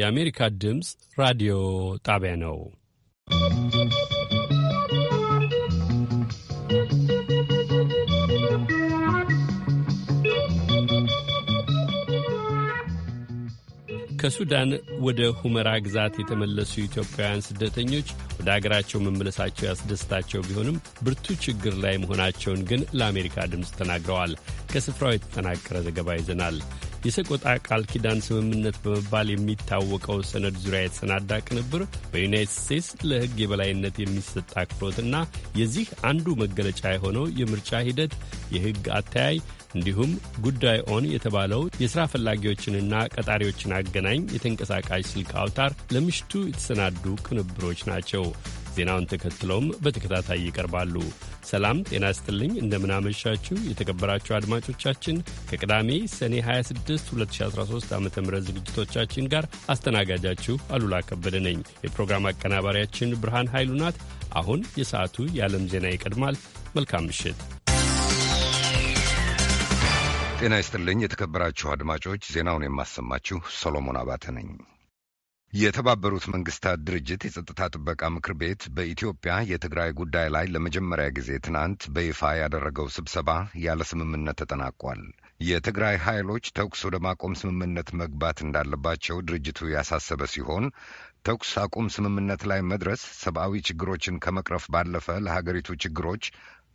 የአሜሪካ ድምፅ ራዲዮ ጣቢያ ነው። ከሱዳን ወደ ሁመራ ግዛት የተመለሱ ኢትዮጵያውያን ስደተኞች ወደ አገራቸው መመለሳቸው ያስደስታቸው ቢሆንም ብርቱ ችግር ላይ መሆናቸውን ግን ለአሜሪካ ድምፅ ተናግረዋል። ከስፍራው የተጠናቀረ ዘገባ ይዘናል። የሰቆጣ ቃል ኪዳን ስምምነት በመባል የሚታወቀው ሰነድ ዙሪያ የተሰናዳ ቅንብር በዩናይትድ ስቴትስ ለሕግ የበላይነት የሚሰጥ አክብሮትና የዚህ አንዱ መገለጫ የሆነው የምርጫ ሂደት የሕግ አተያይ እንዲሁም ጉዳይ ኦን የተባለው የሥራ ፈላጊዎችንና ቀጣሪዎችን አገናኝ የተንቀሳቃሽ ስልክ አውታር ለምሽቱ የተሰናዱ ቅንብሮች ናቸው። ዜናውን ተከትለውም በተከታታይ ይቀርባሉ። ሰላም ጤና ይስጥልኝ። እንደምናመሻችሁ የተከበራችሁ አድማጮቻችን ከቅዳሜ ሰኔ 26 2013 ዓ ም ዝግጅቶቻችን ጋር አስተናጋጃችሁ አሉላ ከበደ ነኝ። የፕሮግራም አቀናባሪያችን ብርሃን ኃይሉ ናት። አሁን የሰዓቱ የዓለም ዜና ይቀድማል። መልካም ምሽት። ጤና ይስጥልኝ። የተከበራችሁ አድማጮች ዜናውን የማሰማችሁ ሰሎሞን አባተ ነኝ። የተባበሩት መንግስታት ድርጅት የጸጥታ ጥበቃ ምክር ቤት በኢትዮጵያ የትግራይ ጉዳይ ላይ ለመጀመሪያ ጊዜ ትናንት በይፋ ያደረገው ስብሰባ ያለ ስምምነት ተጠናቋል። የትግራይ ኃይሎች ተኩስ ወደ ማቆም ስምምነት መግባት እንዳለባቸው ድርጅቱ ያሳሰበ ሲሆን ተኩስ አቁም ስምምነት ላይ መድረስ ሰብአዊ ችግሮችን ከመቅረፍ ባለፈ ለሀገሪቱ ችግሮች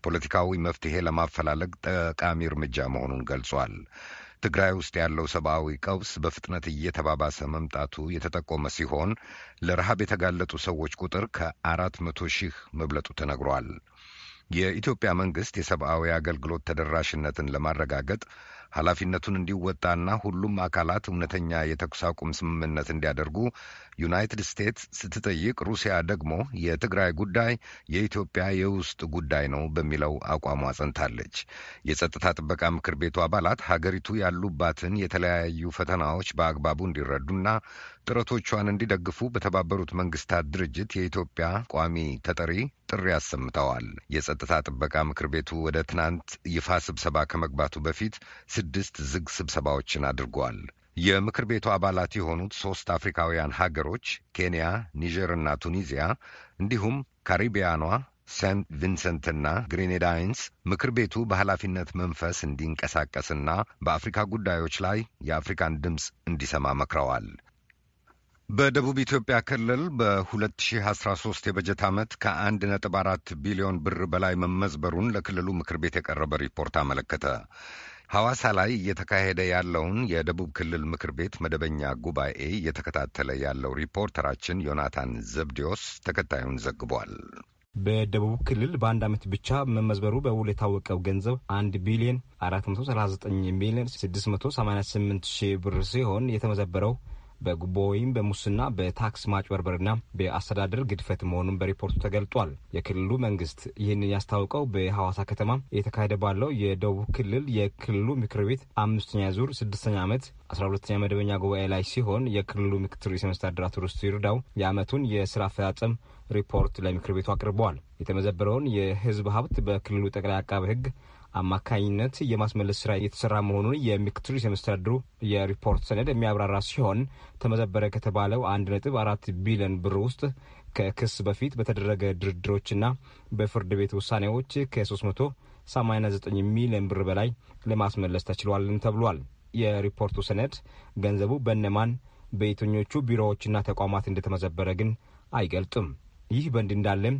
ፖለቲካዊ መፍትሄ ለማፈላለግ ጠቃሚ እርምጃ መሆኑን ገልጿል። ትግራይ ውስጥ ያለው ሰብአዊ ቀውስ በፍጥነት እየተባባሰ መምጣቱ የተጠቆመ ሲሆን ለረሃብ የተጋለጡ ሰዎች ቁጥር ከአራት መቶ ሺህ መብለጡ ተነግሯል። የኢትዮጵያ መንግሥት የሰብአዊ አገልግሎት ተደራሽነትን ለማረጋገጥ ኃላፊነቱን እንዲወጣና ሁሉም አካላት እውነተኛ የተኩስ አቁም ስምምነት እንዲያደርጉ ዩናይትድ ስቴትስ ስትጠይቅ፣ ሩሲያ ደግሞ የትግራይ ጉዳይ የኢትዮጵያ የውስጥ ጉዳይ ነው በሚለው አቋሟ ጸንታለች። የጸጥታ ጥበቃ ምክር ቤቱ አባላት ሀገሪቱ ያሉባትን የተለያዩ ፈተናዎች በአግባቡ እንዲረዱና ጥረቶቿን እንዲደግፉ በተባበሩት መንግስታት ድርጅት የኢትዮጵያ ቋሚ ተጠሪ ጥሪ አሰምተዋል። የጸጥታ ጥበቃ ምክር ቤቱ ወደ ትናንት ይፋ ስብሰባ ከመግባቱ በፊት ስድስት ዝግ ስብሰባዎችን አድርጓል። የምክር ቤቱ አባላት የሆኑት ሦስት አፍሪካውያን ሀገሮች ኬንያ፣ ኒጀርና ቱኒዚያ እንዲሁም ካሪቢያኗ ሴንት ቪንሰንትና ግሬኔዳይንስ ምክር ቤቱ በኃላፊነት መንፈስ እንዲንቀሳቀስና በአፍሪካ ጉዳዮች ላይ የአፍሪካን ድምፅ እንዲሰማ መክረዋል። በደቡብ ኢትዮጵያ ክልል በ2013 የበጀት ዓመት ከ1.4 ቢሊዮን ብር በላይ መመዝበሩን ለክልሉ ምክር ቤት የቀረበ ሪፖርት አመለከተ። ሐዋሳ ላይ እየተካሄደ ያለውን የደቡብ ክልል ምክር ቤት መደበኛ ጉባኤ እየተከታተለ ያለው ሪፖርተራችን ዮናታን ዘብዲዮስ ተከታዩን ዘግቧል። በደቡብ ክልል በአንድ ዓመት ብቻ መመዝበሩ በውል የታወቀው ገንዘብ አንድ ቢሊዮን 439 ሚሊዮን 688 ሺህ ብር ሲሆን የተመዘበረው በጉቦ ወይም በሙስና በታክስ ማጭበርበርና በአስተዳደር ግድፈት መሆኑን በሪፖርቱ ተገልጧል። የክልሉ መንግስት ይህንን ያስታውቀው በሐዋሳ ከተማ የተካሄደ ባለው የደቡብ ክልል የክልሉ ምክር ቤት አምስተኛ ዙር ስድስተኛ ዓመት አስራ ሁለተኛ መደበኛ ጉባኤ ላይ ሲሆን የክልሉ ምክትል ርዕሰ መስተዳድር አቶ ርስቱ ይርዳው የአመቱን የስራ አፈጻጸም ሪፖርት ለምክር ቤቱ አቅርበዋል። የተመዘበረውን የህዝብ ሀብት በክልሉ ጠቅላይ አቃቤ ህግ አማካኝነት የማስመለስ ስራ የተሰራ መሆኑን የምክትል ርዕሰ መስተዳድሩ የሪፖርት ሰነድ የሚያብራራ ሲሆን ተመዘበረ ከተባለው አንድ ነጥብ አራት ቢሊዮን ብር ውስጥ ከክስ በፊት በተደረገ ድርድሮችና በፍርድ ቤት ውሳኔዎች ከ389 ሚሊዮን ብር በላይ ለማስመለስ ተችሏልን ተብሏል። የሪፖርቱ ሰነድ ገንዘቡ በነማን በየትኞቹ ቢሮዎችና ተቋማት እንደተመዘበረ ግን አይገልጥም። ይህ በእንዲህ እንዳለም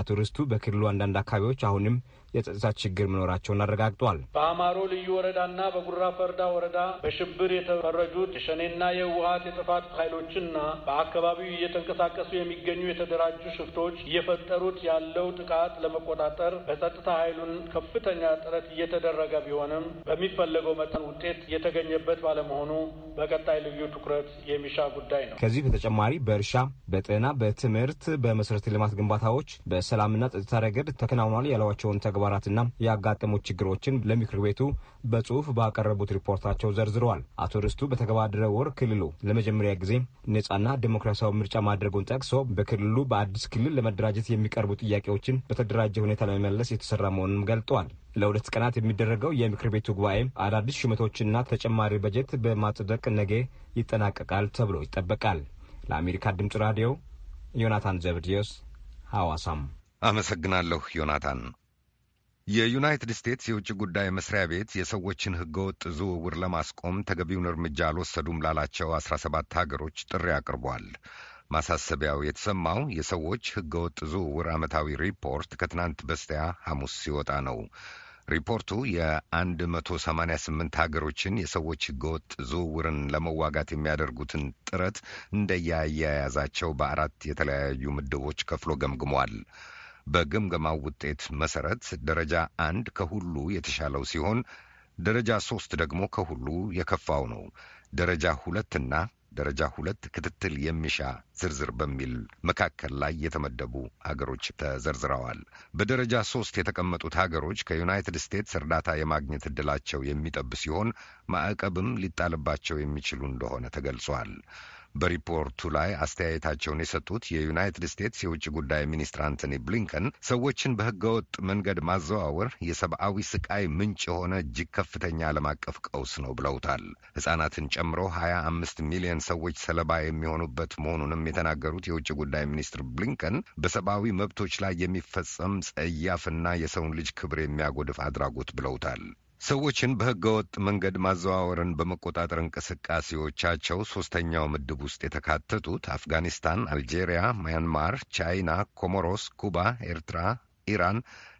አቶ ርስቱ በክልሉ አንዳንድ አካባቢዎች አሁንም የጸጥታ ችግር መኖራቸውን አረጋግጧል። በአማሮ ልዩ ወረዳና በጉራ ፈርዳ ወረዳ በሽብር የተፈረጁት የሸኔና የህወሀት የጥፋት ኃይሎችና በአካባቢው እየተንቀሳቀሱ የሚገኙ የተደራጁ ሽፍቶች እየፈጠሩት ያለው ጥቃት ለመቆጣጠር በጸጥታ ኃይሉን ከፍተኛ ጥረት እየተደረገ ቢሆንም በሚፈለገው መጠን ውጤት የተገኘበት ባለመሆኑ በቀጣይ ልዩ ትኩረት የሚሻ ጉዳይ ነው። ከዚህ በተጨማሪ በእርሻ፣ በጤና፣ በትምህርት፣ በመሰረተ ልማት ግንባታዎች፣ በ በሰላምና ጸጥታ ረገድ ተከናውኗል ያሏቸውን ተግባራትና ያጋጠሙ ችግሮችን ለምክር ቤቱ በጽሁፍ ባቀረቡት ሪፖርታቸው ዘርዝረዋል። አቶ ርስቱ በተገባደረ ወር ክልሉ ለመጀመሪያ ጊዜ ነጻና ዴሞክራሲያዊ ምርጫ ማድረጉን ጠቅሶ በክልሉ በአዲስ ክልል ለመደራጀት የሚቀርቡ ጥያቄዎችን በተደራጀ ሁኔታ ለመመለስ የተሰራ መሆኑንም ገልጠዋል። ለሁለት ቀናት የሚደረገው የምክር ቤቱ ጉባኤ አዳዲስ ሹመቶችና ተጨማሪ በጀት በማጽደቅ ነገ ይጠናቀቃል ተብሎ ይጠበቃል። ለአሜሪካ ድምጽ ራዲዮ ዮናታን ዘብድዮስ ሐዋሳም አመሰግናለሁ ዮናታን። የዩናይትድ ስቴትስ የውጭ ጉዳይ መስሪያ ቤት የሰዎችን ህገወጥ ዝውውር ለማስቆም ተገቢውን እርምጃ አልወሰዱም ላላቸው አስራ ሰባት ሀገሮች ጥሪ አቅርቧል። ማሳሰቢያው የተሰማው የሰዎች ህገወጥ ዝውውር ዓመታዊ ሪፖርት ከትናንት በስቲያ ሐሙስ ሲወጣ ነው። ሪፖርቱ የ188 ሀገሮችን የሰዎች ህገወጥ ዝውውርን ለመዋጋት የሚያደርጉትን ጥረት እንደያያያዛቸው በአራት የተለያዩ ምድቦች ከፍሎ ገምግሟል። በግምገማው ውጤት መሰረት ደረጃ አንድ ከሁሉ የተሻለው ሲሆን ደረጃ ሶስት ደግሞ ከሁሉ የከፋው ነው። ደረጃ ሁለትና ደረጃ ሁለት ክትትል የሚሻ ዝርዝር በሚል መካከል ላይ የተመደቡ ሀገሮች ተዘርዝረዋል። በደረጃ ሶስት የተቀመጡት ሀገሮች ከዩናይትድ ስቴትስ እርዳታ የማግኘት ዕድላቸው የሚጠብ ሲሆን ማዕቀብም ሊጣልባቸው የሚችሉ እንደሆነ ተገልጿል። በሪፖርቱ ላይ አስተያየታቸውን የሰጡት የዩናይትድ ስቴትስ የውጭ ጉዳይ ሚኒስትር አንቶኒ ብሊንከን ሰዎችን በህገወጥ መንገድ ማዘዋወር የሰብአዊ ስቃይ ምንጭ የሆነ እጅግ ከፍተኛ ዓለም አቀፍ ቀውስ ነው ብለውታል። ሕፃናትን ጨምሮ ሀያ አምስት ሚሊዮን ሰዎች ሰለባ የሚሆኑበት መሆኑንም የተናገሩት የውጭ ጉዳይ ሚኒስትር ብሊንከን በሰብአዊ መብቶች ላይ የሚፈጸም ጸያፍና የሰውን ልጅ ክብር የሚያጎድፍ አድራጎት ብለውታል። ሰዎችን በህገወጥ መንገድ ማዘዋወርን በመቆጣጠር እንቅስቃሴዎቻቸው ሦስተኛው ምድብ ውስጥ የተካተቱት አፍጋኒስታን፣ አልጄሪያ፣ ማያንማር፣ ቻይና፣ ኮሞሮስ፣ ኩባ፣ ኤርትራ፣ ኢራን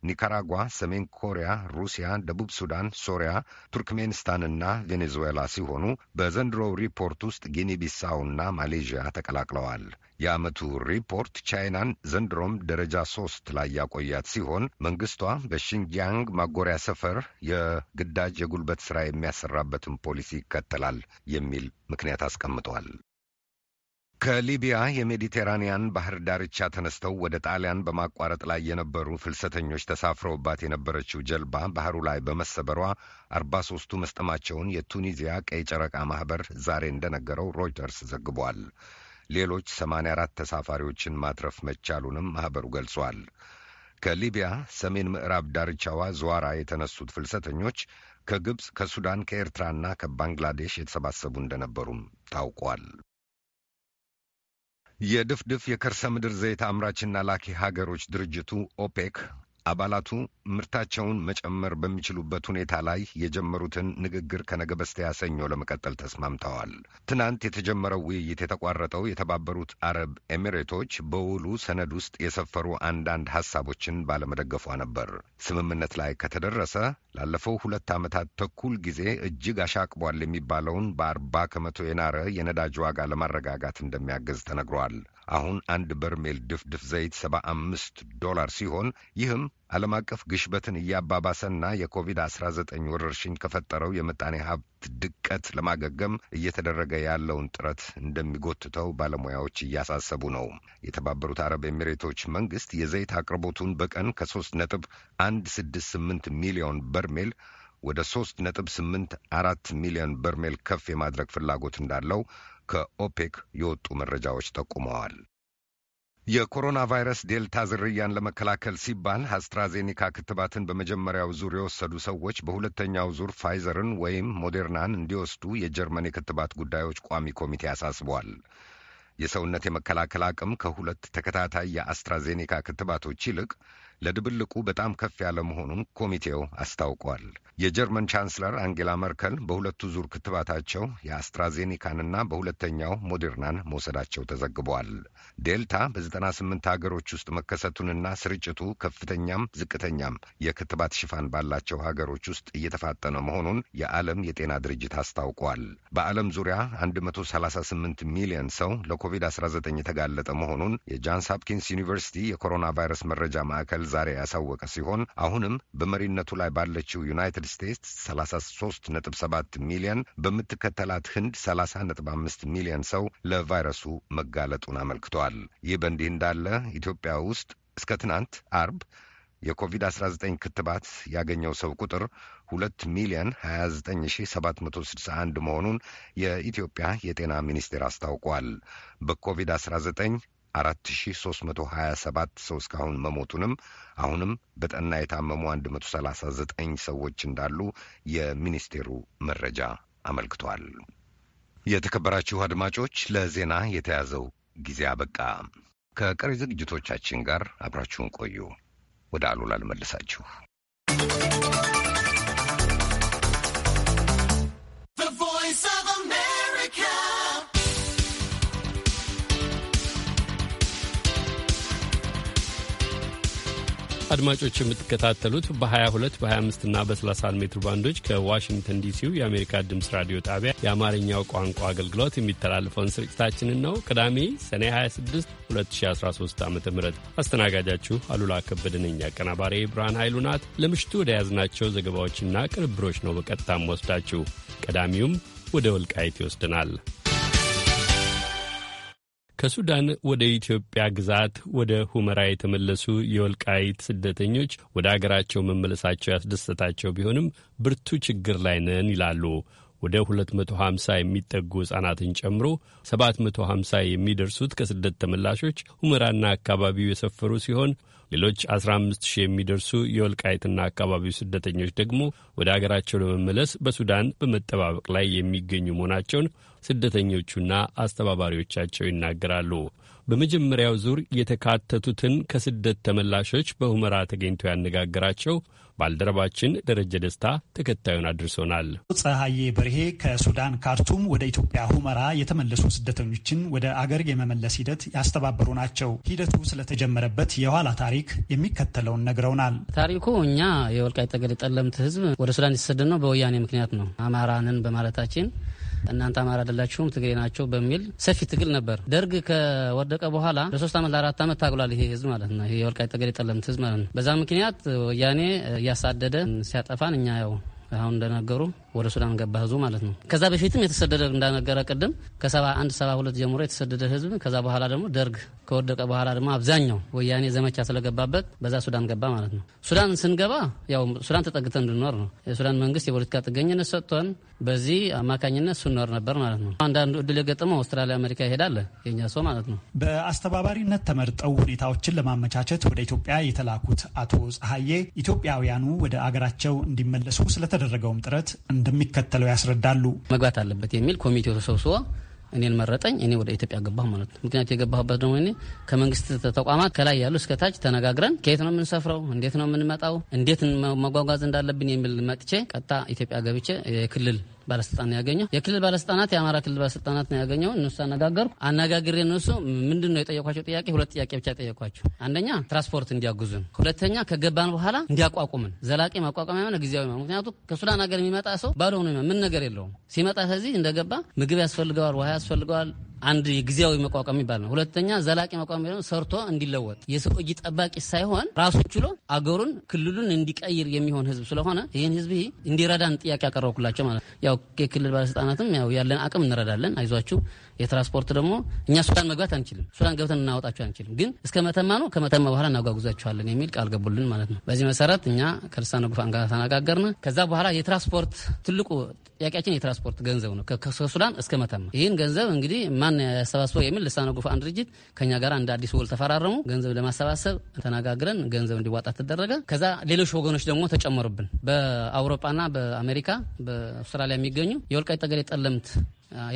ኒካራጓ፣ ሰሜን ኮሪያ፣ ሩሲያ፣ ደቡብ ሱዳን፣ ሶሪያ፣ ቱርክሜንስታንና ቬኔዙዌላ ሲሆኑ በዘንድሮው ሪፖርት ውስጥ ጊኒ ቢሳውና ማሌዥያ ተቀላቅለዋል። የዓመቱ ሪፖርት ቻይናን ዘንድሮም ደረጃ ሶስት ላይ ያቆያት ሲሆን መንግስቷ በሺንጂያንግ ማጎሪያ ሰፈር የግዳጅ የጉልበት ሥራ የሚያሰራበትን ፖሊሲ ይከተላል የሚል ምክንያት አስቀምጧል። ከሊቢያ የሜዲቴራንያን ባህር ዳርቻ ተነስተው ወደ ጣሊያን በማቋረጥ ላይ የነበሩ ፍልሰተኞች ተሳፍረውባት የነበረችው ጀልባ ባህሩ ላይ በመሰበሯ አርባ ሦስቱ መስጠማቸውን የቱኒዚያ ቀይ ጨረቃ ማኅበር ዛሬ እንደነገረው ሮይተርስ ዘግቧል። ሌሎች አራት ተሳፋሪዎችን ማትረፍ መቻሉንም ማኅበሩ ገልጿል። ከሊቢያ ሰሜን ምዕራብ ዳርቻዋ ዘዋራ የተነሱት ፍልሰተኞች ከግብፅ፣ ከሱዳን፣ ከኤርትራና ከባንግላዴሽ የተሰባሰቡ እንደነበሩም ታውቋል። የድፍድፍ የከርሰ ምድር ዘይት አምራችና ላኪ ሀገሮች ድርጅቱ ኦፔክ አባላቱ ምርታቸውን መጨመር በሚችሉበት ሁኔታ ላይ የጀመሩትን ንግግር ከነገ በስቲያ ሰኞ ለመቀጠል ተስማምተዋል። ትናንት የተጀመረው ውይይት የተቋረጠው የተባበሩት አረብ ኤሚሬቶች በውሉ ሰነድ ውስጥ የሰፈሩ አንዳንድ ሐሳቦችን ባለመደገፏ ነበር። ስምምነት ላይ ከተደረሰ ላለፈው ሁለት ዓመታት ተኩል ጊዜ እጅግ አሻቅቧል የሚባለውን በአርባ ከመቶ የናረ የነዳጅ ዋጋ ለማረጋጋት እንደሚያግዝ ተነግሯል። አሁን አንድ በርሜል ድፍድፍ ዘይት 75 ዶላር ሲሆን ይህም ዓለም አቀፍ ግሽበትን እያባባሰና የኮቪድ-19 ወረርሽኝ ከፈጠረው የምጣኔ ሀብት ድቀት ለማገገም እየተደረገ ያለውን ጥረት እንደሚጎትተው ባለሙያዎች እያሳሰቡ ነው። የተባበሩት አረብ ኤሚሬቶች መንግሥት የዘይት አቅርቦቱን በቀን ከ3.168 ሚሊዮን በርሜል ወደ 3.84 ሚሊዮን በርሜል ከፍ የማድረግ ፍላጎት እንዳለው ከኦፔክ የወጡ መረጃዎች ጠቁመዋል። የኮሮና ቫይረስ ዴልታ ዝርያን ለመከላከል ሲባል አስትራዜኒካ ክትባትን በመጀመሪያው ዙር የወሰዱ ሰዎች በሁለተኛው ዙር ፋይዘርን ወይም ሞዴርናን እንዲወስዱ የጀርመን የክትባት ጉዳዮች ቋሚ ኮሚቴ አሳስቧል። የሰውነት የመከላከል አቅም ከሁለት ተከታታይ የአስትራዜኒካ ክትባቶች ይልቅ ለድብልቁ በጣም ከፍ ያለ መሆኑን ኮሚቴው አስታውቋል። የጀርመን ቻንስለር አንጌላ መርከል በሁለቱ ዙር ክትባታቸው የአስትራዜኒካንና በሁለተኛው ሞዴርናን መውሰዳቸው ተዘግቧል። ዴልታ በ98 ሀገሮች ውስጥ መከሰቱንና ስርጭቱ ከፍተኛም ዝቅተኛም የክትባት ሽፋን ባላቸው ሀገሮች ውስጥ እየተፋጠነ መሆኑን የዓለም የጤና ድርጅት አስታውቋል። በዓለም ዙሪያ 138 ሚሊዮን ሰው ለኮቪድ-19 የተጋለጠ መሆኑን የጃንስ ሀፕኪንስ ዩኒቨርሲቲ የኮሮና ቫይረስ መረጃ ማዕከል ዛሬ ያሳወቀ ሲሆን አሁንም በመሪነቱ ላይ ባለችው ዩናይትድ ስቴትስ 33.7 ሚሊዮን በምትከተላት ህንድ 30.5 ሚሊዮን ሰው ለቫይረሱ መጋለጡን አመልክቷል። ይህ በእንዲህ እንዳለ ኢትዮጵያ ውስጥ እስከ ትናንት አርብ የኮቪድ-19 ክትባት ያገኘው ሰው ቁጥር 2 ሚሊዮን 29761 መሆኑን የኢትዮጵያ የጤና ሚኒስቴር አስታውቋል። በኮቪድ-19 4327 ሰው እስካሁን መሞቱንም አሁንም በጠና የታመሙ 139 ሰዎች እንዳሉ የሚኒስቴሩ መረጃ አመልክቷል። የተከበራችሁ አድማጮች ለዜና የተያዘው ጊዜ አበቃ። ከቀሪ ዝግጅቶቻችን ጋር አብራችሁን ቆዩ። ወደ አሉላ ልመልሳችሁ። አድማጮች የምትከታተሉት በ22 በ25 እና በ31 ሜትር ባንዶች ከዋሽንግተን ዲሲው የአሜሪካ ድምፅ ራዲዮ ጣቢያ የአማርኛው ቋንቋ አገልግሎት የሚተላለፈውን ስርጭታችንን ነው። ቅዳሜ ሰኔ 26 2013 ዓ ም አስተናጋጃችሁ አሉላ ከበደ ነኝ። አቀናባሪ ብርሃን ኃይሉ ናት። ለምሽቱ ወደ ያዝናቸው ዘገባዎችና ቅንብሮች ነው በቀጥታም ወስዳችሁ ቀዳሚውም ወደ ወልቃይት ይወስድናል። ከሱዳን ወደ ኢትዮጵያ ግዛት ወደ ሁመራ የተመለሱ የወልቃይት ስደተኞች ወደ አገራቸው መመለሳቸው ያስደሰታቸው ቢሆንም ብርቱ ችግር ላይ ነን ይላሉ። ወደ 250 የሚጠጉ ሕፃናትን ጨምሮ 750 የሚደርሱት ከስደት ተመላሾች ሁመራና አካባቢው የሰፈሩ ሲሆን ሌሎች 15 ሺህ የሚደርሱ የወልቃይትና አካባቢው ስደተኞች ደግሞ ወደ አገራቸው ለመመለስ በሱዳን በመጠባበቅ ላይ የሚገኙ መሆናቸውን ስደተኞቹና አስተባባሪዎቻቸው ይናገራሉ። በመጀመሪያው ዙር የተካተቱትን ከስደት ተመላሾች በሁመራ ተገኝቶ ያነጋገራቸው ባልደረባችን ደረጀ ደስታ ተከታዩን አድርሶናል። ፀሐዬ በርሄ ከሱዳን ካርቱም ወደ ኢትዮጵያ ሁመራ የተመለሱ ስደተኞችን ወደ አገር የመመለስ ሂደት ያስተባበሩ ናቸው። ሂደቱ ስለተጀመረበት የኋላ ታሪክ የሚከተለውን ነግረውናል። ታሪኩ እኛ የወልቃይት ጠገዴ ጠለምት ህዝብ ወደ ሱዳን የተሰደድነው በወያኔ ምክንያት ነው። አማራንን በማለታችን እናንተ አማራ አይደላችሁም ትግሬ ናቸው በሚል ሰፊ ትግል ነበር። ደርግ ከወደቀ በኋላ ለሶስት ዓመት ለአራት ዓመት ታግሏል። ይሄ ህዝብ ማለት ነው። ይሄ የወልቃይት ጠገዴ ጠለምት ህዝብ ማለት ነው። በዛ ምክንያት ወያኔ እያሳደደ ሲያጠፋን እኛ ያው አሁን እንደነገሩ ወደ ሱዳን ገባ ህዝቡ ማለት ነው። ከዛ በፊትም የተሰደደ እንዳነገረ ቅድም ከሰባ አንድ ሰባ ሁለት ጀምሮ የተሰደደ ህዝብ ከዛ በኋላ ደግሞ ደርግ ከወደቀ በኋላ ደግሞ አብዛኛው ወያኔ ዘመቻ ስለገባበት በዛ ሱዳን ገባ ማለት ነው። ሱዳን ስንገባ ያው ሱዳን ተጠግተን እንድኖር ነው። የሱዳን መንግስት የፖለቲካ ጥገኝነት ሰጥቶን በዚህ አማካኝነት ስንኖር ነበር ማለት ነው። አንዳንዱ እድል የገጠመው አውስትራሊያ፣ አሜሪካ ይሄዳል የኛ ሰው ማለት ነው። በአስተባባሪነት ተመርጠው ሁኔታዎችን ለማመቻቸት ወደ ኢትዮጵያ የተላኩት አቶ ጸሐዬ ኢትዮጵያውያኑ ወደ አገራቸው እንዲመለሱ ስለተ የተደረገውም ጥረት እንደሚከተለው ያስረዳሉ። መግባት አለበት የሚል ኮሚቴው ተሰብስቦ እኔን መረጠኝ። እኔ ወደ ኢትዮጵያ ገባሁ ማለት ነው። ምክንያቱ የገባሁበት ደግሞ እኔ ከመንግስት ተቋማት ከላይ ያሉ እስከታች ተነጋግረን ከየት ነው የምንሰፍረው፣ እንዴት ነው የምንመጣው፣ እንዴት መጓጓዝ እንዳለብን የሚል መጥቼ ቀጥታ ኢትዮጵያ ገብቼ የክልል ባለስልጣን ያገኘው የክልል ባለስልጣናት የአማራ ክልል ባለስልጣናት ነው ያገኘው። እነሱ አነጋገርኩ አነጋግሬ እነሱ ምንድን ነው የጠየኳቸው ጥያቄ ሁለት ጥያቄ ብቻ ጠየኳቸው። አንደኛ ትራንስፖርት እንዲያግዙን፣ ሁለተኛ ከገባን በኋላ እንዲያቋቁምን ዘላቂ ማቋቋሚያ የሆነ ጊዜያዊ ምክንያቱ ከሱዳን ሀገር የሚመጣ ሰው ባለሆኑ ምን ነገር የለውም ሲመጣ ከዚህ እንደገባ ምግብ ያስፈልገዋል፣ ውሃ ያስፈልገዋል፣ አንድ ጊዜያዊ መቋቋም የሚባል ነው። ሁለተኛ ዘላቂ መቋቋም ነው፣ ሰርቶ እንዲለወጥ የሰው እጅ ጠባቂ ሳይሆን ራሱን ችሎ አገሩን ክልሉን እንዲቀይር የሚሆን ህዝብ ስለሆነ ይህን ህዝብ እንዲረዳን ጥያቄ ያቀረብኩላቸው ማለት ያው የክልል ባለስልጣናትም ያው ያለን አቅም እንረዳለን አይዟችሁ የትራንስፖርት ደግሞ እኛ ሱዳን መግባት አንችልም፣ ሱዳን ገብተን እናወጣቸው አንችልም። ግን እስከ መተማ ነው፣ ከመተማ በኋላ እናጓጉዛቸዋለን የሚል ቃል ገቡልን ማለት ነው። በዚህ መሰረት እኛ ከልሳነ ጉፋን ጋር ተነጋገርን። ከዛ በኋላ የትራንስፖርት ትልቁ ጥያቄያችን የትራንስፖርት ገንዘብ ነው፣ ከሱዳን እስከ መተማ። ይህን ገንዘብ እንግዲህ ማን ያሰባስበው የሚል ልሳነ ጉፋን ድርጅት ከኛ ጋር እንደ አዲስ ውል ተፈራረሙ። ገንዘብ ለማሰባሰብ ተነጋግረን ገንዘብ እንዲዋጣ ተደረገ። ከዛ ሌሎች ወገኖች ደግሞ ተጨመሩብን። በአውሮፓና በአሜሪካ በአውስትራሊያ የሚገኙ የወልቃይት ጠገዴ ጠለምት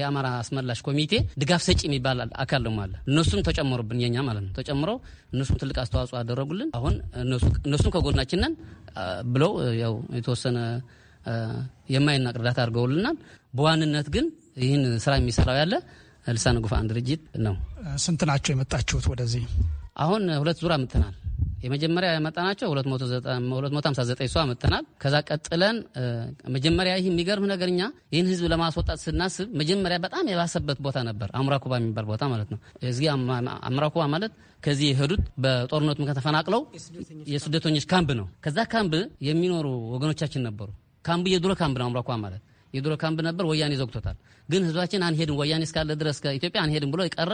የአማራ አስመላሽ ኮሚቴ ድጋፍ ሰጪ የሚባል አካል ደሞ አለ። እነሱም ተጨምሮብን የኛ ማለት ነው ተጨምረው እነሱም ትልቅ አስተዋጽኦ አደረጉልን። አሁን እነሱም ከጎናችንን ብለው ያው የተወሰነ የማይናቅ እርዳታ አድርገውልናል። በዋንነት ግን ይህን ስራ የሚሰራው ያለ ልሳነ ጉፋን ድርጅት ነው። ስንት ናቸው የመጣችሁት ወደዚህ? አሁን ሁለት ዙር አምጥተናል። የመጀመሪያ ያመጣናቸው 259 ሰው አመጥተናል። ከዛ ቀጥለን መጀመሪያ ይህ የሚገርም ነገር እኛ ይህን ህዝብ ለማስወጣት ስናስብ መጀመሪያ በጣም የባሰበት ቦታ ነበር። አምራኩባ የሚባል ቦታ ማለት ነው። እዚህ አምራኩባ ማለት ከዚህ የሄዱት በጦርነቱ ምክንያት ተፈናቅለው የስደተኞች ካምፕ ነው። ከዛ ካምፕ የሚኖሩ ወገኖቻችን ነበሩ። ካምብ የድሮ ካምብ ነው አምራኩባ ማለት የድሮ ካምፕ ነበር። ወያኔ ዘግቶታል። ግን ህዝባችን አንሄድም ወያኔ እስካለ ድረስ ከኢትዮጵያ አንሄድም ብሎ የቀረ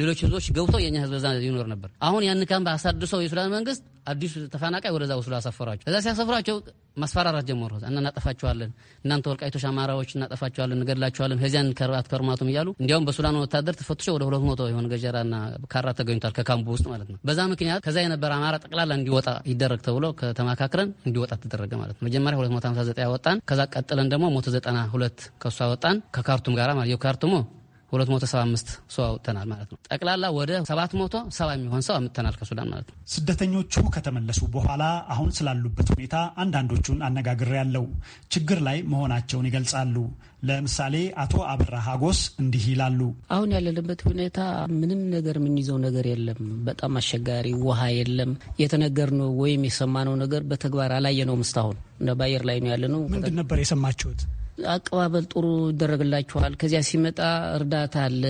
ሌሎች ህዝቦች ገብተው የኛ ህዝብ ዛ ይኖር ነበር። አሁን ያን ካምፕ አሳድሰው የሱዳን መንግስት አዲሱ ተፈናቃይ ወደዛ ወስዶ አሰፈሯቸው። እዛ ሲያሰፍሯቸው ማስፈራራት ጀመሩ። እናጠፋቸዋለን፣ እናንተ ወልቃይቶች አማራዎች እናጠፋቸዋለን፣ እንገድላቸዋለን፣ ከዚያን ከርባት ከርማቱም እያሉ እንዲያውም በሱዳን ወታደር ተፈትሾ ወደ ሁለት መቶ የሆነ ገጀራና ካራ ተገኝቷል ከካምቡ ውስጥ ማለት ነው። በዛ ምክንያት ከዛ የነበረ አማራ ጠቅላላ እንዲወጣ ይደረግ ተብሎ ከተመካክረን እንዲወጣ ተደረገ ማለት ነው። መጀመሪያ 259 ያወጣን ከዛ ቀጥለን ደግሞ 192 ከእሷ ወጣን ከካርቱም ጋር ማለት የካርቱሞ 275 ሰው አውጥተናል ማለት ነው። ጠቅላላ ወደ 770 የሚሆን ሰው አምጥተናል ከሱዳን ማለት ነው። ስደተኞቹ ከተመለሱ በኋላ አሁን ስላሉበት ሁኔታ አንዳንዶቹን ያለው ችግር ላይ መሆናቸውን ይገልጻሉ። ለምሳሌ አቶ አብራ ሀጎስ እንዲህ ይላሉ። አሁን ያለንበት ሁኔታ ምንም ነገር የምንይዘው ነገር የለም። በጣም አስቸጋሪ፣ ውሃ የለም። የተነገርነው ወይም የሰማነው ነገር በተግባር አላየነውም። እስካሁን እንደ ባየር ላይ ነው ያለነው። ምንድን ነበር የሰማችሁት? አቀባበል ጥሩ ይደረግላችኋል። ከዚያ ሲመጣ እርዳታ አለ፣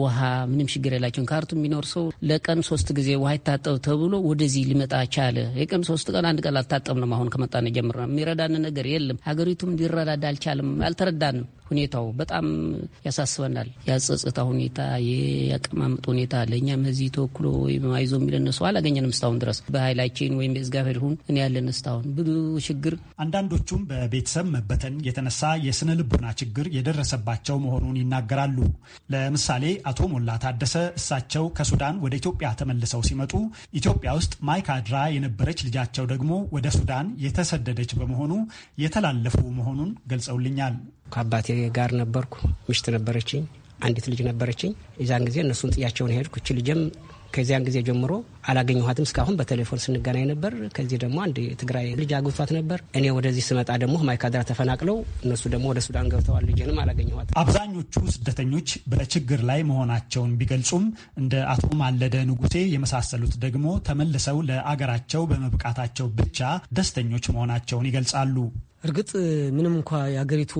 ውሃ፣ ምንም ችግር የላቸውም። ካርቱም የሚኖር ሰው ለቀን ሶስት ጊዜ ውሃ ይታጠብ ተብሎ ወደዚህ ሊመጣ ቻለ። የቀን ሶስት ቀን አንድ ቀን አልታጠብ ነው። አሁን ከመጣን ጀምር ነው የሚረዳን ነገር የለም። ሀገሪቱም ሊረዳዳ አልቻለም፣ አልተረዳንም። ሁኔታው በጣም ያሳስበናል። የጸጥታ ሁኔታ፣ የአቀማመጥ ሁኔታ ለእኛም ህዚህ ተወክሎ ወይም አይዞ የሚለን ሰው አላገኘንም እስካሁን ድረስ በኃይላችን ወይም በእግዚአብሔር ሁን እኔ ያለን እስካሁን ብዙ ችግር አንዳንዶቹም በቤተሰብ መበተን የተነሳ የስነ ልቡና ችግር የደረሰባቸው መሆኑን ይናገራሉ። ለምሳሌ አቶ ሞላ ታደሰ እሳቸው ከሱዳን ወደ ኢትዮጵያ ተመልሰው ሲመጡ ኢትዮጵያ ውስጥ ማይካድራ የነበረች ልጃቸው ደግሞ ወደ ሱዳን የተሰደደች በመሆኑ የተላለፉ መሆኑን ገልጸውልኛል። ከአባቴ ጋር ነበርኩ። ምሽት ነበረችኝ፣ አንዲት ልጅ ነበረችኝ። የዛን ጊዜ እነሱን ጥያቸውን ሄድኩ። እቺ ልጅም ከዚያን ጊዜ ጀምሮ አላገኘኋትም። እስካሁን በቴሌፎን ስንገናኝ ነበር። ከዚህ ደግሞ አንድ የትግራይ ልጅ አግብቷት ነበር። እኔ ወደዚህ ስመጣ ደግሞ ማይካድራ ተፈናቅለው እነሱ ደግሞ ወደ ሱዳን ገብተዋል። ልጅንም አላገኘኋትም። አብዛኞቹ ስደተኞች በችግር ላይ መሆናቸውን ቢገልጹም እንደ አቶ ማለደ ንጉሴ የመሳሰሉት ደግሞ ተመልሰው ለአገራቸው በመብቃታቸው ብቻ ደስተኞች መሆናቸውን ይገልጻሉ። እርግጥ ምንም እንኳ የሀገሪቱ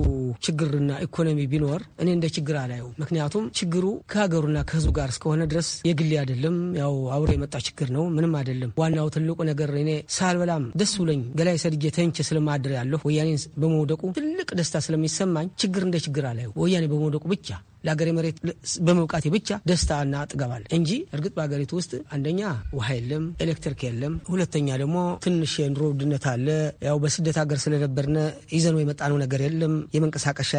ችግርና ኢኮኖሚ ቢኖር እኔ እንደ ችግር አላየው። ምክንያቱም ችግሩ ከሀገሩና ከህዝቡ ጋር እስከሆነ ድረስ የግሌ አይደለም፣ ያው አብሮ የመጣ ችግር ነው። ምንም አይደለም። ዋናው ትልቁ ነገር እኔ ሳልበላም ደስ ብሎኝ ገላይ ሰድጄ ተኝቼ ስለማድር ያለሁ ወያኔ በመውደቁ ትልቅ ደስታ ስለሚሰማኝ ችግር እንደ ችግር አላየው። ወያኔ በመውደቁ ብቻ ለሀገሬ መሬት በመብቃቴ ብቻ ደስታና ጥገባል እንጂ እርግጥ በሀገሪቱ ውስጥ አንደኛ ውሃ የለም፣ ኤሌክትሪክ የለም። ሁለተኛ ደግሞ ትንሽ የኑሮ ውድነት አለ። ያው በስደት ሀገር ስለነበርነ ይዘነው የመጣነው ነገር የለም። የመንቀሳቀሻ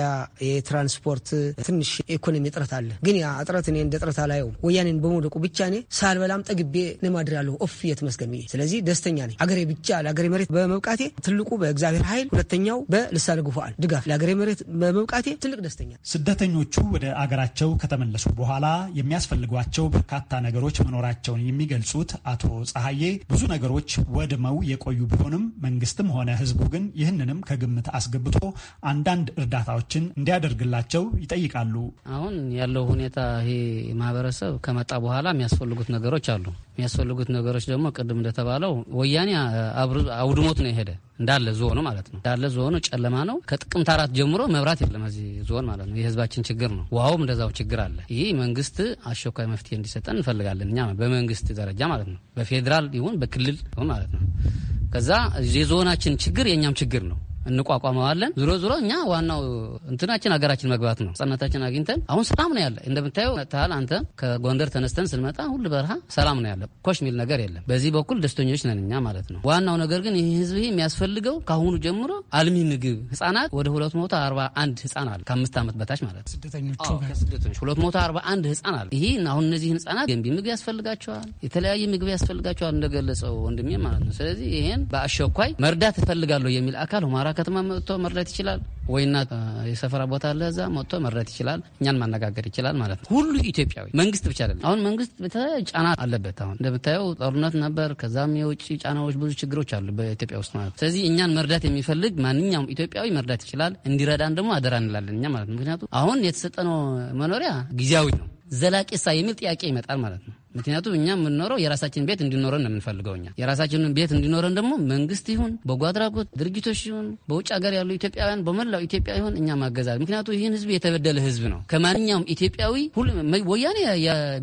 የትራንስፖርት ትንሽ የኢኮኖሚ እጥረት አለ። ግን ያ እጥረት እኔ እንደ እጥረት አላየው። ወያኔን በመውደቁ ብቻ እኔ ሳልበላም ጠግቤ ነማድር ያለሁ ኦፍ የተመስገን ብዬ ስለዚህ ደስተኛ ነኝ። አገሬ ብቻ ለአገሬ መሬት በመብቃቴ ትልቁ በእግዚአብሔር ኃይል፣ ሁለተኛው በልሳነ ጉፉዓን ድጋፍ ለአገሬ መሬት በመብቃቴ ትልቅ ደስተኛ ስደተኞቹ ወደ አገራቸው ከተመለሱ በኋላ የሚያስፈልጓቸው በርካታ ነገሮች መኖራቸውን የሚገልጹት አቶ ጸሐዬ ብዙ ነገሮች ወድመው የቆዩ ቢሆንም መንግስትም ሆነ ህዝቡ ግን ይህንንም ከግምት አስገብቶ አንዳንድ እርዳታዎችን እንዲያደርግላቸው ይጠይቃሉ። አሁን ያለው ሁኔታ ይሄ ማህበረሰብ ከመጣ በኋላ የሚያስፈልጉት ነገሮች አሉ። የሚያስፈልጉት ነገሮች ደግሞ ቅድም እንደተባለው ወያኔ አውድሞት ነው የሄደ እንዳለ ዞኑ ማለት ነው። እንዳለ ዞኑ ጨለማ ነው። ከጥቅምት አራት ጀምሮ መብራት የለም እዚህ ዞን ማለት ነው። የህዝባችን ችግር ነው። ውሃውም እንደዛው ችግር አለ። ይህ መንግስት አስቸኳይ መፍትሄ እንዲሰጠን እንፈልጋለን። እኛ በመንግስት ደረጃ ማለት ነው። በፌዴራል ይሁን በክልል ይሁን ማለት ነው። ከዛ የዞናችን ችግር የእኛም ችግር ነው። እንቋቋመዋለን። ዙሮ ዙሮ እኛ ዋናው እንትናችን ሀገራችን መግባት ነው። ነጻነታችን አግኝተን አሁን ሰላም ነው ያለ። እንደምታየው መጥተሃል አንተ። ከጎንደር ተነስተን ስንመጣ ሁሉ በረሃ ሰላም ነው ያለ። ኮሽ የሚል ነገር የለም። በዚህ በኩል ደስተኞች ነን እኛ ማለት ነው። ዋናው ነገር ግን ይህ ህዝብ የሚያስፈልገው ከአሁኑ ጀምሮ አልሚ ምግብ ህጻናት ወደ ሁለት ህጻን አለ ከአምስት ዓመት በታች ማለት ነው። ስደተኞች 241 ህጻን አለ። ይህ አሁን እነዚህ ህጻናት ገንቢ ምግብ ያስፈልጋቸዋል። የተለያየ ምግብ ያስፈልጋቸዋል እንደገለጸው ወንድሜ ማለት ነው። ስለዚህ ይሄን በአስቸኳይ መርዳት እፈልጋለሁ የሚል አካል ሁማራ ከተማ መጥቶ መርዳት ይችላል ወይና የሰፈራ ቦታ አለ እዛ መጥቶ መርዳት ይችላል። እኛን ማነጋገር ይችላል ማለት ነው። ሁሉ ኢትዮጵያዊ መንግስት ብቻ አይደለም። አሁን መንግስት ጫና አለበት። አሁን እንደምታየው ጦርነት ነበር። ከዛም የውጭ ጫናዎች፣ ብዙ ችግሮች አሉ በኢትዮጵያ ውስጥ ማለት ነው። ስለዚህ እኛን መርዳት የሚፈልግ ማንኛውም ኢትዮጵያዊ መርዳት ይችላል። እንዲረዳን ደግሞ አደራ እንላለን እኛ ማለት ነው። ምክንያቱም አሁን የተሰጠነው መኖሪያ ጊዜያዊ ነው። ዘላቂሳ የሚል ጥያቄ ይመጣል ማለት ነው። ምክንያቱም እኛ የምንኖረው የራሳችን ቤት እንዲኖረን ነው የምንፈልገው። እኛ የራሳችንን ቤት እንዲኖረን ደግሞ መንግስት ይሁን በጎ አድራጎት ድርጅቶች ይሁን በውጭ ሀገር ያሉ ኢትዮጵያውያን በመላው ኢትዮጵያ ይሁን እኛ ማገዛል። ምክንያቱ ይህን ህዝብ የተበደለ ህዝብ ነው። ከማንኛውም ኢትዮጵያዊ ወያኔ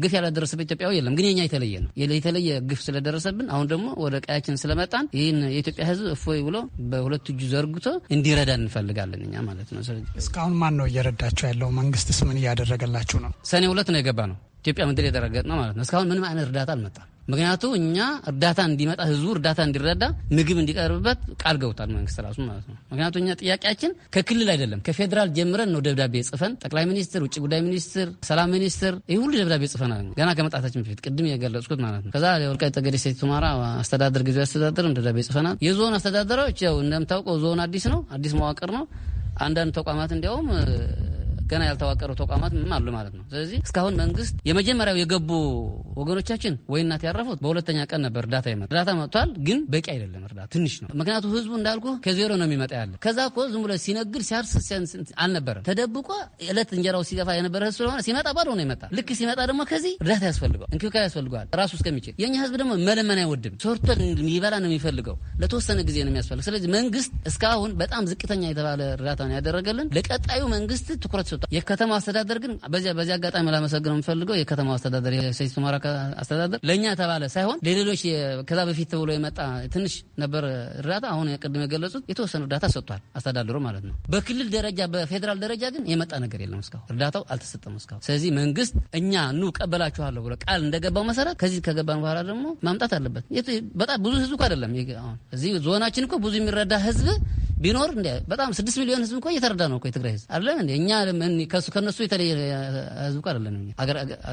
ግፍ ያላደረሰበት ኢትዮጵያዊ የለም፣ ግን የኛ የተለየ ነው። የተለየ ግፍ ስለደረሰብን አሁን ደግሞ ወደ ቀያችን ስለመጣን ይህን የኢትዮጵያ ህዝብ እፎይ ብሎ በሁለት እጁ ዘርግቶ እንዲረዳ እንፈልጋለን እኛ ማለት ነው። እስካሁን ማን ነው እየረዳቸው ያለው? መንግስትስ ምን እያደረገላችሁ ነው? ሰኔ ሁለት ነው የገባ ነው ኢትዮጵያ ምድር የደረገጥነው ማለት ነው። እስካሁን ምንም አይነት እርዳታ አልመጣም። ምክንያቱ እኛ እርዳታ እንዲመጣ ህዝቡ እርዳታ እንዲረዳ ምግብ እንዲቀርብበት ቃል ገብቷል መንግስት ራሱ ማለት ነው። ምክንያቱ እኛ ጥያቄያችን ከክልል አይደለም ከፌዴራል ጀምረን ነው ደብዳቤ ጽፈን ጠቅላይ ሚኒስትር፣ ውጭ ጉዳይ ሚኒስትር፣ ሰላም ሚኒስትር ይህ ሁሉ ደብዳቤ ጽፈናል ገና ከመጣታችን በፊት ቅድም የገለጽኩት ማለት ነው። ከዛ የወልቃይት ጠገዴ ሰቲት ሁመራ አስተዳደር ጊዜ አስተዳደርም ደብዳቤ ጽፈናል። የዞን አስተዳደሮች ያው እንደምታውቀው ዞን አዲስ ነው አዲስ መዋቅር ነው አንዳንድ ተቋማት እንዲያውም ገና ያልተዋቀሩ ተቋማት ምንም አሉ ማለት ነው። ስለዚህ እስካሁን መንግስት የመጀመሪያው የገቡ ወገኖቻችን ወይ እናት ያረፉት በሁለተኛ ቀን ነበር እርዳታ ይመጣ እርዳታ መጥቷል፣ ግን በቂ አይደለም። እርዳታ ትንሽ ነው። ምክንያቱ ህዝቡ እንዳልኩ ከዜሮ ነው የሚመጣ ያለ ከዛ እኮ ዝም ብሎ ሲነግድ ሲያርስ አልነበረም። ተደብቆ ለት እንጀራው ሲገፋ የነበረ ህዝብ ስለሆነ ሲመጣ ባዶ ነው ይመጣ። ልክ ሲመጣ ደግሞ ከዚህ እርዳታ ያስፈልገዋል፣ እንክብካቤ ያስፈልገዋል ራሱ እስከሚችል። የእኛ ህዝብ ደግሞ መለመን አይወድም። ሰርቶ ሊበላ ነው የሚፈልገው። ለተወሰነ ጊዜ ነው የሚያስፈልግ። ስለዚህ መንግስት እስካሁን በጣም ዝቅተኛ የተባለ እርዳታ ነው ያደረገልን። ለቀጣዩ መንግስት ትኩረት ሰጥቶ የወጣ የከተማ አስተዳደር ግን በዚህ አጋጣሚ ላመሰግነው የምፈልገው የከተማ አስተዳደር የሴት ሁመራ አስተዳደር ለእኛ ተባለ ሳይሆን ለሌሎች ከዛ በፊት ተብሎ የመጣ ትንሽ ነበር እርዳታ። አሁን ቅድም የገለጹት የተወሰነ እርዳታ ሰጥቷል አስተዳደሩ ማለት ነው። በክልል ደረጃ በፌዴራል ደረጃ ግን የመጣ ነገር የለም እስካሁን እርዳታው አልተሰጠም እስካሁን። ስለዚህ መንግስት እኛ ኑ ቀበላችኋለሁ ብሎ ቃል እንደገባው መሰረት ከዚህ ከገባን በኋላ ደግሞ ማምጣት አለበት። በጣም ብዙ ህዝብ እኮ አይደለም አሁን እዚህ ዞናችን እኮ ብዙ የሚረዳ ህዝብ ቢኖር በጣም ስድስት ሚሊዮን ህዝብ እኮ እየተረዳ ነው እኮ የትግራይ ህዝብ አይደለም እኛ ከሱ ከነሱ የተለየ ህዝብ እኮ አይደለም።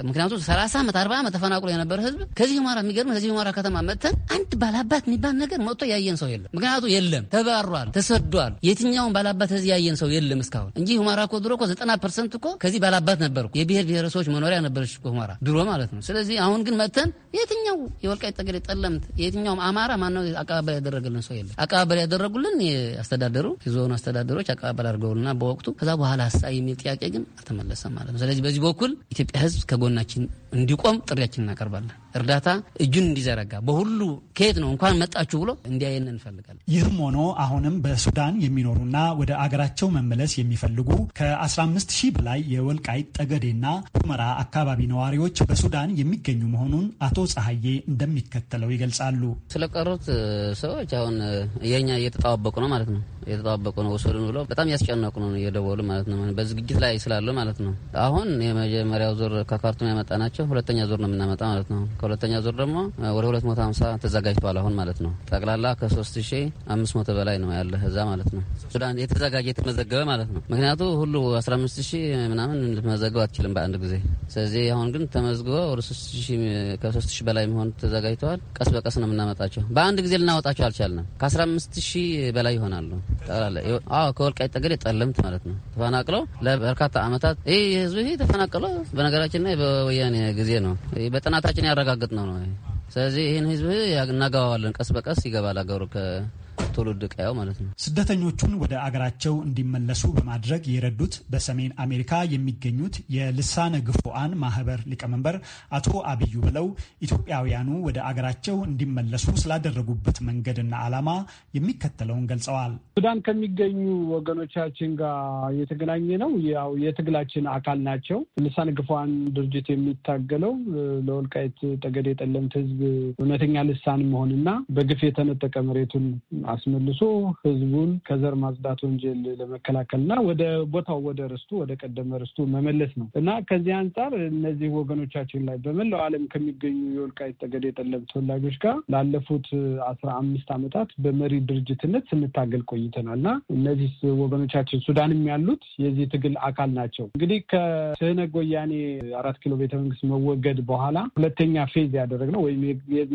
ምክንያቱም ሰላሳ ዓመት አርባ ዓመት ተፈናቅሎ የነበረ ህዝብ ከዚህ ማራ የሚገርም ከዚህ ማራ ከተማ መጥተን አንድ ባላባት የሚባል ነገር መጥቶ ያየን ሰው የለም። ምክንያቱ የለም፣ ተባሯል፣ ተሰዷል። የትኛውን ባላባት ህዝብ ያየን ሰው የለም እስካሁን እንጂ ሁመራ እኮ ድሮ እኮ ዘጠና ፐርሰንት እኮ ከዚህ ባላባት ነበር የብሔር ብሔረሰቦች መኖሪያ ነበረች ሁመራ ድሮ ማለት ነው። ስለዚህ አሁን ግን መጥተን የትኛው የወልቃይት ጠገዴ ጠለምት የትኛውም አማራ ማነው አቀባበል ያደረገልን ሰው የለም። አቀባበል ያደረጉልን አስተዳደሩ የዞኑ አስተዳደሮች አቀባበል አድርገውልና በወቅቱ ከዛ በኋላ ሳ የሚል ጥያቄ ግን አልተመለሰም ማለት ነው። ስለዚህ በዚህ በኩል ኢትዮጵያ ሕዝብ ከጎናችን እንዲቆም ጥሪያችን እናቀርባለን። እርዳታ እጁን እንዲዘረጋ በሁሉ ከየት ነው እንኳን መጣችሁ ብሎ እንዲያየን እንፈልጋለን። ይህም ሆኖ አሁንም በሱዳን የሚኖሩና ወደ አገራቸው መመለስ የሚፈልጉ ከ15 ሺህ በላይ የወልቃይት ጠገዴና ሁመራ አካባቢ ነዋሪዎች በሱዳን የሚገኙ መሆኑን አቶ ፀሐዬ እንደሚከተለው ይገልጻሉ። ስለቀሩት ሰዎች አሁን የኛ እየተጠባበቁ ነው ማለት ነው እየተጠባበቁ ነው ወሰዱን ብሎ በጣም ያስጨነቁ ነው እየደወሉ ማለት ነው። በዝግጅት ላይ ስላሉ ማለት ነው። አሁን የመጀመሪያው ዙር ከካርቱም ናቸው። ሁለተኛ ዙር ነው የምናመጣ ማለት ነው። ከሁለተኛ ዙር ደግሞ ወደ 250 ተዘጋጅቷል አሁን ማለት ነው። ጠቅላላ ከ3500 በላይ ነው ያለ እዛ ማለት ነው። ሱዳን የተዘጋጀ የተመዘገበ ማለት ነው። ምክንያቱ ሁሉ 15000 ምናምን ልትመዘገብ አትችልም በአንድ ጊዜ። ስለዚህ አሁን ግን ተመዝግበ ወደ ከ3000 በላይ መሆን ተዘጋጅተዋል። ቀስ በቀስ ነው የምናመጣቸው። በአንድ ጊዜ ልናወጣቸው አልቻልንም። ከ15000 በላይ ይሆናሉ ጠቅላላ። ከወልቃይት ጠገዴ ጠለምት ማለት ነው ተፈናቅለው ለበርካታ አመታት ይህ ህዝብ ተፈናቅለው በነገራችን ላይ በወያኔ ጊዜ ነው በጥናታችን ያረጋ ያረጋግጥ ነው ነው። ስለዚህ ይህን ህዝብ እናገባዋለን። ቀስ በቀስ ይገባል አገሩ ቶሎ ወደቀያው ማለት ነው። ስደተኞቹን ወደ አገራቸው እንዲመለሱ በማድረግ የረዱት በሰሜን አሜሪካ የሚገኙት የልሳነ ግፉአን ማህበር ሊቀመንበር አቶ አብዩ ብለው ኢትዮጵያውያኑ ወደ አገራቸው እንዲመለሱ ስላደረጉበት መንገድና ዓላማ የሚከተለውን ገልጸዋል። ሱዳን ከሚገኙ ወገኖቻችን ጋር የተገናኘ ነው። ያው የትግላችን አካል ናቸው። ልሳነ ግፉአን ድርጅት የሚታገለው ለወልቃይት ጠገዴ የጠለምት ህዝብ እውነተኛ ልሳን መሆንና በግፍ የተነጠቀ መሬቱን አስመልሶ ህዝቡን ከዘር ማጽዳት ወንጀል ለመከላከል እና ወደ ቦታው ወደ ርስቱ ወደ ቀደመ ርስቱ መመለስ ነው እና ከዚህ አንጻር እነዚህ ወገኖቻችን ላይ በመላው ዓለም ከሚገኙ የወልቃይት ጠገዴ የጠለብ ተወላጆች ጋር ላለፉት አስራ አምስት ዓመታት በመሪ ድርጅትነት ስንታገል ቆይተናል እና እነዚህ ወገኖቻችን ሱዳንም ያሉት የዚህ ትግል አካል ናቸው። እንግዲህ ከስህነግ ወያኔ አራት ኪሎ ቤተ መንግስት መወገድ በኋላ ሁለተኛ ፌዝ ያደረግነው ወይም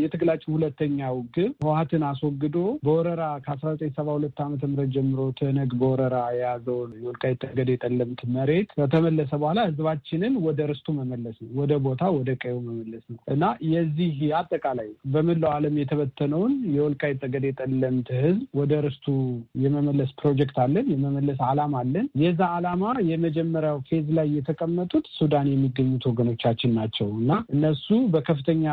የትግላችን ሁለተኛው ግብ ህወሀትን አስወግዶ በወረራ ከአስራ ዘጠኝ ሰባ ሁለት ዓመተ ምህረት ጀምሮ ትህነግ በወረራ የያዘውን የወልቃይት ጠገዴ የጠለምት መሬት ከተመለሰ በኋላ ህዝባችንን ወደ ርስቱ መመለስ ነው፣ ወደ ቦታ ወደ ቀዩ መመለስ ነው እና የዚህ አጠቃላይ በመላው ዓለም የተበተነውን የወልቃይት ጠገዴ የጠለምት ህዝብ ወደ ርስቱ የመመለስ ፕሮጀክት አለን፣ የመመለስ አላማ አለን። የዛ አላማ የመጀመሪያው ፌዝ ላይ የተቀመጡት ሱዳን የሚገኙት ወገኖቻችን ናቸው እና እነሱ በከፍተኛ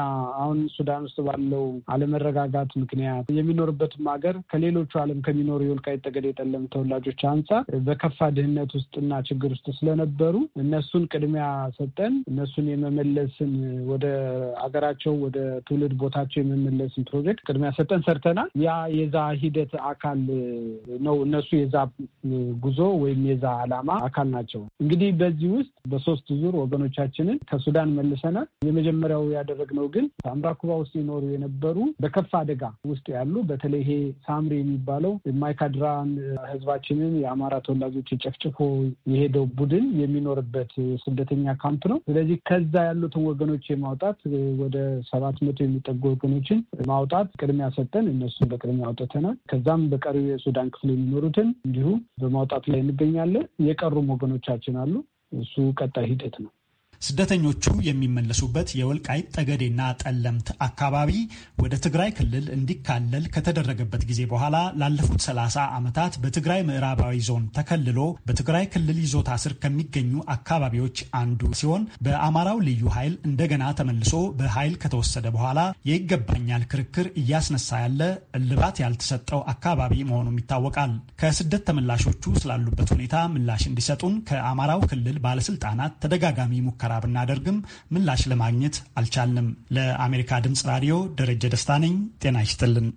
አሁን ሱዳን ውስጥ ባለው አለመረጋጋት ምክንያት የሚኖርበትም ሀገር ከሌሎቹ ዓለም ከሚኖሩ የወልቃይት ጠገዴ ጠለም ተወላጆች አንጻር በከፋ ድህነት ውስጥና ችግር ውስጥ ስለነበሩ እነሱን ቅድሚያ ሰጠን እነሱን የመመለስን ወደ አገራቸው ወደ ትውልድ ቦታቸው የመመለስን ፕሮጀክት ቅድሚያ ሰጠን ሰርተናል። ያ የዛ ሂደት አካል ነው። እነሱ የዛ ጉዞ ወይም የዛ ዓላማ አካል ናቸው። እንግዲህ በዚህ ውስጥ በሶስት ዙር ወገኖቻችንን ከሱዳን መልሰናል። የመጀመሪያው ያደረግነው ግን አምራኩባ ውስጥ ይኖሩ የነበሩ በከፋ አደጋ ውስጥ ያሉ በተለይ ይሄ ሳምሪ የሚባለው የማይካድራን ህዝባችንን የአማራ ተወላጆች ጨፍጭፎ የሄደው ቡድን የሚኖርበት ስደተኛ ካምፕ ነው። ስለዚህ ከዛ ያሉትን ወገኖች የማውጣት ወደ ሰባት መቶ የሚጠጉ ወገኖችን ማውጣት ቅድሚያ ሰጠን። እነሱን በቅድሚያ አውጥተናል። ከዛም በቀሪው የሱዳን ክፍል የሚኖሩትን እንዲሁ በማውጣት ላይ እንገኛለን። የቀሩም ወገኖቻችን አሉ። እሱ ቀጣይ ሂደት ነው። ስደተኞቹ የሚመለሱበት የወልቃይት ጠገዴና ጠለምት አካባቢ ወደ ትግራይ ክልል እንዲካለል ከተደረገበት ጊዜ በኋላ ላለፉት 30 ዓመታት በትግራይ ምዕራባዊ ዞን ተከልሎ በትግራይ ክልል ይዞታ ስር ከሚገኙ አካባቢዎች አንዱ ሲሆን በአማራው ልዩ ኃይል እንደገና ተመልሶ በኃይል ከተወሰደ በኋላ የይገባኛል ክርክር እያስነሳ ያለ እልባት ያልተሰጠው አካባቢ መሆኑም ይታወቃል። ከስደት ተመላሾቹ ስላሉበት ሁኔታ ምላሽ እንዲሰጡን ከአማራው ክልል ባለስልጣናት ተደጋጋሚ ሙከራ ሙከራ ብናደርግም ምላሽ ለማግኘት አልቻልንም። ለአሜሪካ ድምፅ ራዲዮ ደረጀ ደስታ ነኝ። ጤና ይስጥልን።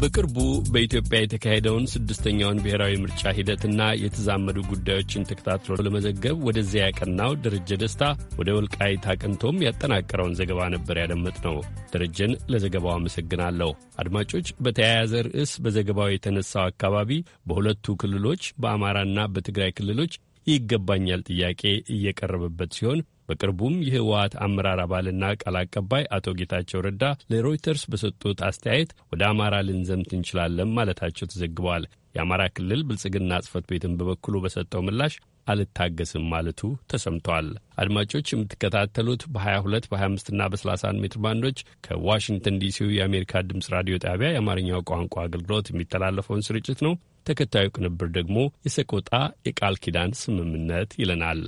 በቅርቡ በኢትዮጵያ የተካሄደውን ስድስተኛውን ብሔራዊ ምርጫ ሂደትና የተዛመዱ ጉዳዮችን ተከታትሎ ለመዘገብ ወደዚያ ያቀናው ደረጀ ደስታ ወደ ወልቃይት አቅንቶም ያጠናቀረውን ዘገባ ነበር ነው። ደረጀን ለዘገባው አመሰግናለሁ። አድማጮች፣ በተያያዘ ርዕስ በዘገባው የተነሳው አካባቢ በሁለቱ ክልሎች በአማራና በትግራይ ክልሎች ይገባኛል ጥያቄ እየቀረበበት ሲሆን በቅርቡም የህወሀት አመራር አባልና ቃል አቀባይ አቶ ጌታቸው ረዳ ለሮይተርስ በሰጡት አስተያየት ወደ አማራ ልንዘምት እንችላለን ማለታቸው ተዘግበዋል። የአማራ ክልል ብልጽግና ጽህፈት ቤትን በበኩሉ በሰጠው ምላሽ አልታገስም ማለቱ ተሰምቷል። አድማጮች የምትከታተሉት በ22 በ25ና በ31 ሜትር ባንዶች ከዋሽንግተን ዲሲው የአሜሪካ ድምፅ ራዲዮ ጣቢያ የአማርኛው ቋንቋ አገልግሎት የሚተላለፈውን ስርጭት ነው። ተከታዩ ቅንብር ደግሞ የሰቆጣ የቃል ኪዳን ስምምነት ይለናል።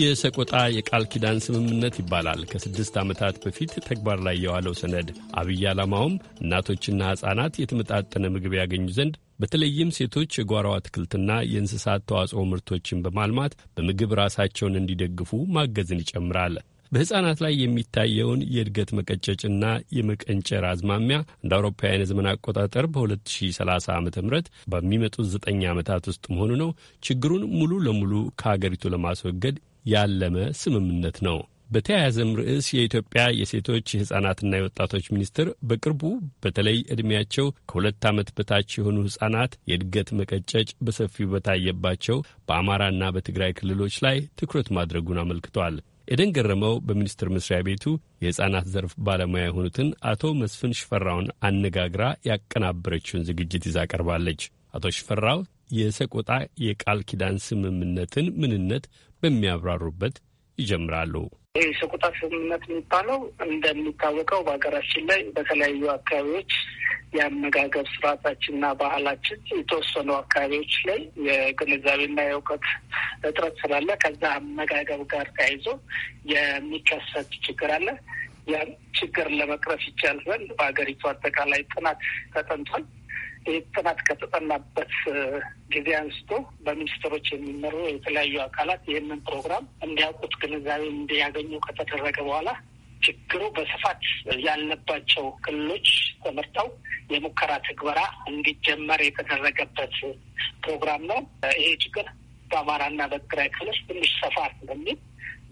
የሰቆጣ የቃል ኪዳን ስምምነት ይባላል። ከስድስት ዓመታት በፊት ተግባር ላይ የዋለው ሰነድ አብይ ዓላማውም እናቶችና ሕፃናት የተመጣጠነ ምግብ ያገኙ ዘንድ በተለይም ሴቶች የጓሮ አትክልትና የእንስሳት ተዋጽኦ ምርቶችን በማልማት በምግብ ራሳቸውን እንዲደግፉ ማገዝን ይጨምራል። በሕፃናት ላይ የሚታየውን የእድገት መቀጨጭና የመቀንጨር አዝማሚያ እንደ አውሮፓውያን የዘመን አቆጣጠር በ2030 ዓ ም በሚመጡት ዘጠኝ ዓመታት ውስጥ መሆኑ ነው። ችግሩን ሙሉ ለሙሉ ከሀገሪቱ ለማስወገድ ያለመ ስምምነት ነው። በተያያዘም ርዕስ የኢትዮጵያ የሴቶች የሕፃናትና የወጣቶች ሚኒስቴር በቅርቡ በተለይ ዕድሜያቸው ከሁለት ዓመት በታች የሆኑ ሕፃናት የእድገት መቀጨጭ በሰፊው በታየባቸው በአማራና በትግራይ ክልሎች ላይ ትኩረት ማድረጉን አመልክቷል። ኤደን ገረመው በሚኒስቴር መስሪያ ቤቱ የሕፃናት ዘርፍ ባለሙያ የሆኑትን አቶ መስፍን ሽፈራውን አነጋግራ ያቀናበረችውን ዝግጅት ይዛ ቀርባለች። አቶ ሽፈራው የሰቆጣ የቃል ኪዳን ስምምነትን ምንነት በሚያብራሩበት ይጀምራሉ። ይህ ሰቆጣ ስምምነት የሚባለው እንደሚታወቀው በሀገራችን ላይ በተለያዩ አካባቢዎች የአመጋገብ ስርዓታችንና ባህላችን የተወሰኑ አካባቢዎች ላይ የግንዛቤና የእውቀት እጥረት ስላለ ከዛ አመጋገብ ጋር ተያይዞ የሚከሰት ችግር አለ። ያን ችግር ለመቅረፍ ይቻል ዘንድ በሀገሪቱ አጠቃላይ ጥናት ተጠንቷል። ጥናት ከተጠናበት ጊዜ አንስቶ በሚኒስትሮች የሚመሩ የተለያዩ አካላት ይህንን ፕሮግራም እንዲያውቁት ግንዛቤ እንዲያገኙ ከተደረገ በኋላ ችግሩ በስፋት ያለባቸው ክልሎች ተመርጠው የሙከራ ትግበራ እንዲጀመር የተደረገበት ፕሮግራም ነው። ይሄ ችግር በአማራና በትግራይ ክልል ትንሽ ሰፋ ስለሚል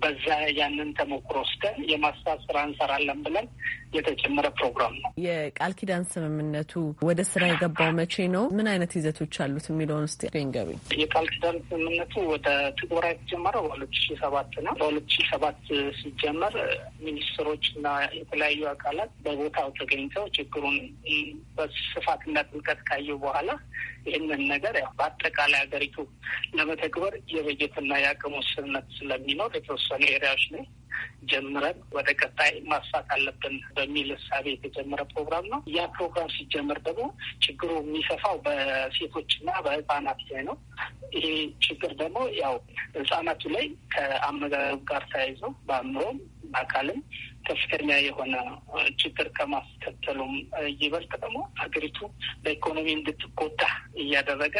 በዛ ያንን ተሞክሮ ወስደን የማስፋት ስራ እንሰራለን ብለን የተጀመረ ፕሮግራም ነው። የቃል ኪዳን ስምምነቱ ወደ ስራ የገባው መቼ ነው? ምን አይነት ይዘቶች አሉት የሚለውን ስ ንገሩኝ። የቃል ኪዳን ስምምነቱ ወደ ትግበራ የተጀመረው በሁለት ሺ ሰባት ነው። በሁለት ሺ ሰባት ሲጀመር ሚኒስትሮች እና የተለያዩ አካላት በቦታው ተገኝተው ችግሩን እና ጥልቀት ካየው በኋላ ይህንን ነገር ያው በአጠቃላይ ሀገሪቱ ለመተግበር የበጀትና የአቅም ውስንነት ስለሚኖር የተወሰኑ ኤሪያዎች ላይ ጀምረን ወደ ቀጣይ ማስፋት አለብን በሚል እሳቤ የተጀመረ ፕሮግራም ነው። ያ ፕሮግራም ሲጀመር ደግሞ ችግሩ የሚሰፋው በሴቶችና በህፃናት ላይ ነው። ይሄ ችግር ደግሞ ያው ህጻናቱ ላይ ከአመጋገብ ጋር ተያይዞ በአእምሮም በአካልም ከፍተኛ የሆነ ችግር ከማስከተሉም ይበልጥ ደግሞ ሀገሪቱ በኢኮኖሚ እንድትጎዳ እያደረገ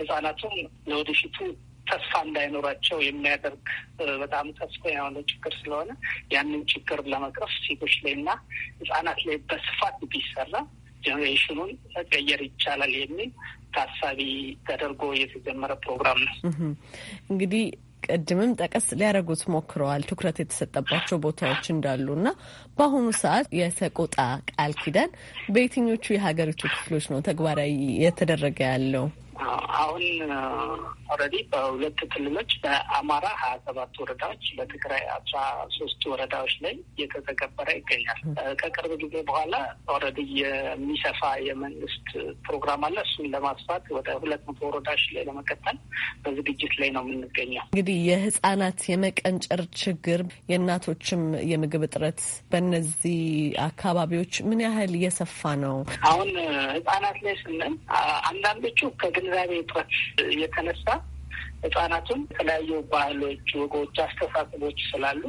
ህጻናቱም ለወደፊቱ ተስፋ እንዳይኖራቸው የሚያደርግ በጣም ተስፋ የሆነ ችግር ስለሆነ ያንን ችግር ለመቅረፍ ሴቶች ላይ እና ህጻናት ላይ በስፋት ቢሰራ ጀኔሬሽኑን መቀየር ይቻላል የሚል ታሳቢ ተደርጎ የተጀመረ ፕሮግራም ነው። እንግዲህ ቅድምም ጠቀስ ሊያደርጉት ሞክረዋል ትኩረት የተሰጠባቸው ቦታዎች እንዳሉ እና በአሁኑ ሰዓት የሰቆጣ ቃል ኪዳን በየትኞቹ የሀገሪቱ ክፍሎች ነው ተግባራዊ የተደረገ ያለው? አሁን ኦልሬዲ በሁለት ክልሎች በአማራ ሀያ ሰባት ወረዳዎች በትግራይ አስራ ሶስት ወረዳዎች ላይ እየተተገበረ ይገኛል። ከቅርብ ጊዜ በኋላ ኦልሬዲ የሚሰፋ የመንግስት ፕሮግራም አለ። እሱን ለማስፋት ወደ ሁለት መቶ ወረዳዎች ላይ ለመቀጠል በዝግጅት ላይ ነው የምንገኘው። እንግዲህ የህጻናት የመቀንጨር ችግር፣ የእናቶችም የምግብ እጥረት በእነዚህ አካባቢዎች ምን ያህል እየሰፋ ነው? አሁን ህጻናት ላይ ስንል አንዳንዶቹ ከግንዛቤ እጥረት የተነሳ ህጻናቱን የተለያዩ ባህሎች፣ ወጎች፣ አስተሳሰቦች ስላሉ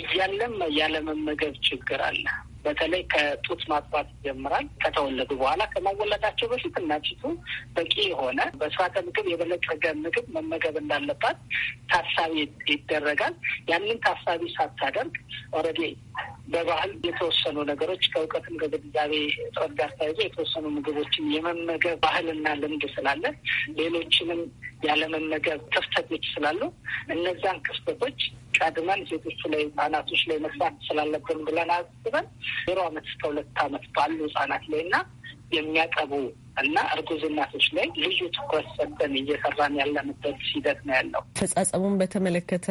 እያለም ያለመመገብ ችግር አለ። በተለይ ከጡት ማጥባት ይጀምራል። ከተወለዱ በኋላ ከማወለዳቸው በፊት እናቲቱ በቂ የሆነ በስርዓተ ምግብ የበለጸገ ምግብ መመገብ እንዳለባት ታሳቢ ይደረጋል። ያንን ታሳቢ ሳታደርግ ኦልሬዲ በባህል የተወሰኑ ነገሮች ከእውቀትም ከግንዛቤ ጦር ጋር ተያይዞ የተወሰኑ ምግቦችን የመመገብ ባህልና ልምድ ስላለ ሌሎችንም ያለመመገብ ክፍተቶች ስላሉ እነዛን ክፍተቶች አድመን ሴቶቹ ላይ ህጻናቶች ላይ መስራት ስላለብን ብለን አስበን ዜሮ አመት እስከ ሁለት አመት ባሉ ህጻናት ላይ እና የሚያጠቡ እና እርጉዝ እናቶች ላይ ልዩ ትኩረት ሰጠን እየሰራን ያለንበት ሂደት ነው ያለው። ፈጻጸሙን በተመለከተ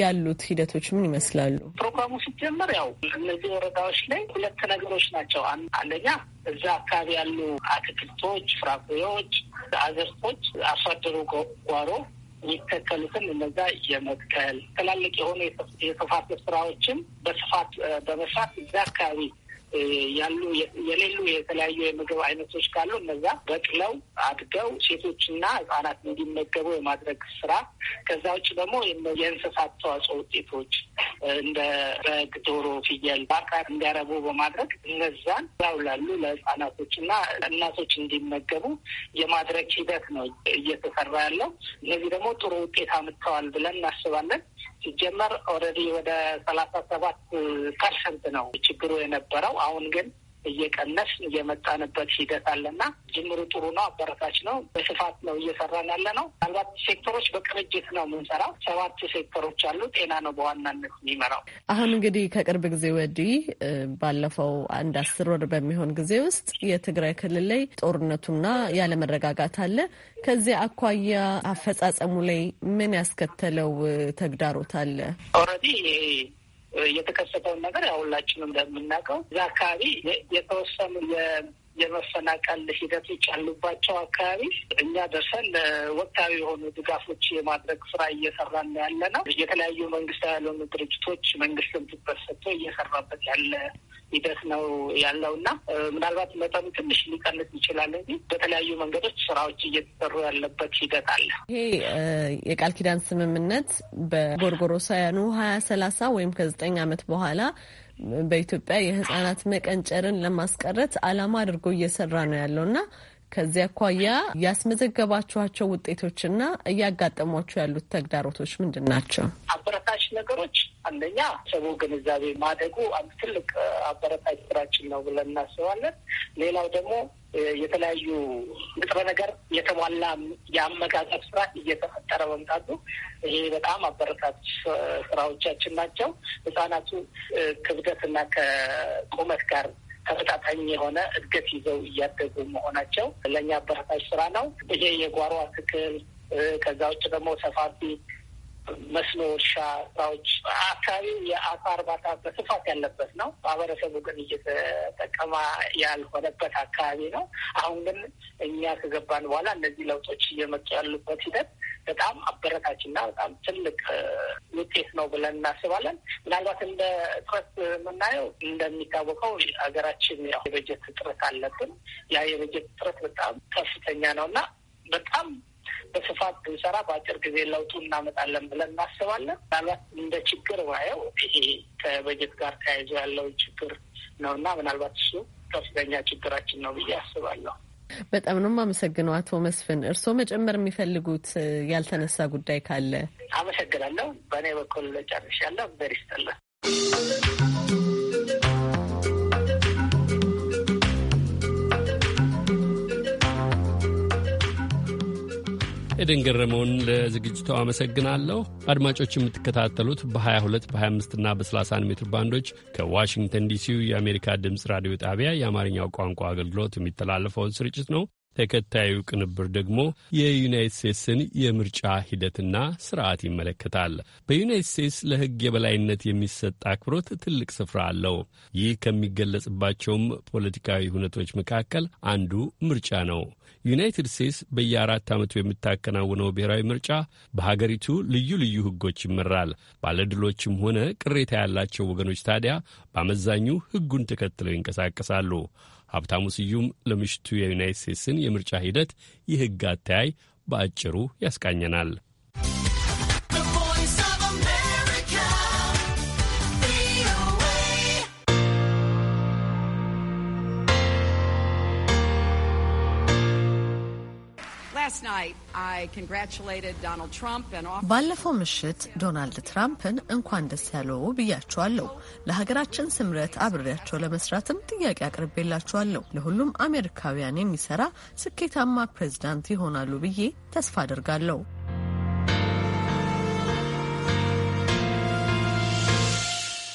ያሉት ሂደቶች ምን ይመስላሉ? ፕሮግራሙ ሲጀመር ያው እነዚህ ወረዳዎች ላይ ሁለት ነገሮች ናቸው። አንደኛ እዛ አካባቢ ያሉ አትክልቶች፣ ፍራፍሬዎች፣ አዝርቶች አርሶ አደሩ ጓሮ የሚተከሉትን እነዛ የመትከል ትላልቅ የሆኑ የስፋት ስራዎችን በስፋት በመስራት እዚ አካባቢ ያሉ የሌሉ የተለያዩ የምግብ አይነቶች ካሉ እነዛ በቅለው አድገው ሴቶችና ህጻናት እንዲመገቡ የማድረግ ስራ። ከዛ ውጭ ደግሞ የእንስሳት ተዋጽኦ ውጤቶች እንደ በግ፣ ዶሮ፣ ፍየል፣ ባቃር እንዲያረቡ በማድረግ እነዛን ያውላሉ ለህጻናቶችና እናቶች እንዲመገቡ የማድረግ ሂደት ነው እየተሰራ ያለው። እነዚህ ደግሞ ጥሩ ውጤት አምጥተዋል ብለን እናስባለን። ሲጀመር ኦልሬዲ ወደ ሰላሳ ሰባት ፐርሰንት ነው ችግሩ የነበረው አሁን ግን እየቀነስ እየመጣንበት ሂደት አለና ጅምሩ ጥሩ ነው፣ አበረታች ነው። በስፋት ነው እየሰራን ያለ ነው። ምናልባት ሴክተሮች በቅርጅት ነው የምንሰራው። ሰባት ሴክተሮች አሉ። ጤና ነው በዋናነት የሚመራው። አሁን እንግዲህ ከቅርብ ጊዜ ወዲህ ባለፈው አንድ አስር ወር በሚሆን ጊዜ ውስጥ የትግራይ ክልል ላይ ጦርነቱና ያለመረጋጋት አለ። ከዚያ አኳያ አፈጻጸሙ ላይ ምን ያስከተለው ተግዳሮት አለ? ኦልሬዲ የተከሰተውን ነገር አሁላችን ሁላችንም እንደምናውቀው እዛ አካባቢ የተወሰኑ የመፈናቀል ሂደቶች ያሉባቸው አካባቢ እኛ ደርሰን ወቅታዊ የሆኑ ድጋፎች የማድረግ ስራ እየሰራን ያለ ነው። የተለያዩ መንግስታዊ ያልሆኑ ድርጅቶች መንግስትን ትኩረት ሰጥቶ እየሰራበት ያለ ሂደት ነው ያለው እና ምናልባት መጠኑ ትንሽ ሊቀንስ ይችላል እንጂ በተለያዩ መንገዶች ስራዎች እየተሰሩ ያለበት ሂደት አለ። ይሄ የቃል ኪዳን ስምምነት በጎርጎሮሳውያኑ ሀያ ሰላሳ ወይም ከዘጠኝ ዓመት በኋላ በኢትዮጵያ የህጻናት መቀንጨርን ለማስቀረት አላማ አድርጎ እየሰራ ነው ያለው እና ከዚህ አኳያ ያስመዘገባችኋቸው ውጤቶችና እያጋጠሟቸው ያሉት ተግዳሮቶች ምንድን ናቸው? አበረታች ነገሮች አንደኛ ሰቡ ግንዛቤ ማደጉ አንድ ትልቅ አበረታች ስራችን ነው ብለን እናስባለን። ሌላው ደግሞ የተለያዩ ንጥረ ነገር የተሟላ የአመጋገብ ስራ እየተፈጠረ መምጣቱ ይሄ በጣም አበረታች ስራዎቻችን ናቸው። ህጻናቱ ክብደትና ከቁመት ጋር ተመጣጣኝ የሆነ እድገት ይዘው እያደጉ መሆናቸው ለእኛ አበረታች ስራ ነው። ይሄ የጓሮ አትክል ከዛ ውጭ ደግሞ ሰፋፊ መስኖ እርሻ ስራዎች፣ አካባቢው የአሳ እርባታ በስፋት ያለበት ነው። ማህበረሰቡ ግን እየተጠቀመ ያልሆነበት አካባቢ ነው። አሁን ግን እኛ ከገባን በኋላ እነዚህ ለውጦች እየመጡ ያሉበት ሂደት በጣም አበረታችና በጣም ትልቅ ውጤት ነው ብለን እናስባለን። ምናልባት እንደ ጥረት የምናየው እንደሚታወቀው ሀገራችን ያው የበጀት እጥረት አለብን። ያ የበጀት እጥረት በጣም ከፍተኛ ነው እና በጣም በስፋት ብንሰራ በአጭር ጊዜ ለውጡ እናመጣለን ብለን እናስባለን። ምናልባት እንደ ችግር ባየው ይሄ ከበጀት ጋር ተያይዞ ያለው ችግር ነው እና ምናልባት እሱ ከፍተኛ ችግራችን ነው ብዬ አስባለሁ። በጣም ነው የማመሰግነው አቶ መስፍን። እርስዎ መጨመር የሚፈልጉት ያልተነሳ ጉዳይ ካለ? አመሰግናለሁ። በእኔ በኩል ጨርሻለሁ። በሪስጠላ ኤደን ገረመውን ለዝግጅቱ አመሰግናለሁ። አድማጮች የምትከታተሉት በ22 በ25 እና በ31 ሜትር ባንዶች ከዋሽንግተን ዲሲው የአሜሪካ ድምፅ ራዲዮ ጣቢያ የአማርኛው ቋንቋ አገልግሎት የሚተላለፈውን ስርጭት ነው። ተከታዩ ቅንብር ደግሞ የዩናይት ስቴትስን የምርጫ ሂደትና ስርዓት ይመለከታል። በዩናይት ስቴትስ ለሕግ የበላይነት የሚሰጥ አክብሮት ትልቅ ስፍራ አለው። ይህ ከሚገለጽባቸውም ፖለቲካዊ ሁነቶች መካከል አንዱ ምርጫ ነው። ዩናይትድ ስቴትስ በየአራት ዓመቱ የምታከናውነው ብሔራዊ ምርጫ በሀገሪቱ ልዩ ልዩ ሕጎች ይመራል። ባለድሎችም ሆነ ቅሬታ ያላቸው ወገኖች ታዲያ በአመዛኙ ሕጉን ተከትለው ይንቀሳቀሳሉ። ሀብታሙ ስዩም ለምሽቱ የዩናይትድ ስቴትስን የምርጫ ሂደት የሕግ አተያይ በአጭሩ ያስቃኘናል። ባለፈው ምሽት ዶናልድ ትራምፕን እንኳን ደስ ያለው ብያቸዋለሁ። ለሀገራችን ስምረት አብሬያቸው ለመስራትም ጥያቄ አቅርቤላቸዋለሁ። ለሁሉም አሜሪካውያን የሚሰራ ስኬታማ ፕሬዝዳንት ይሆናሉ ብዬ ተስፋ አድርጋለሁ።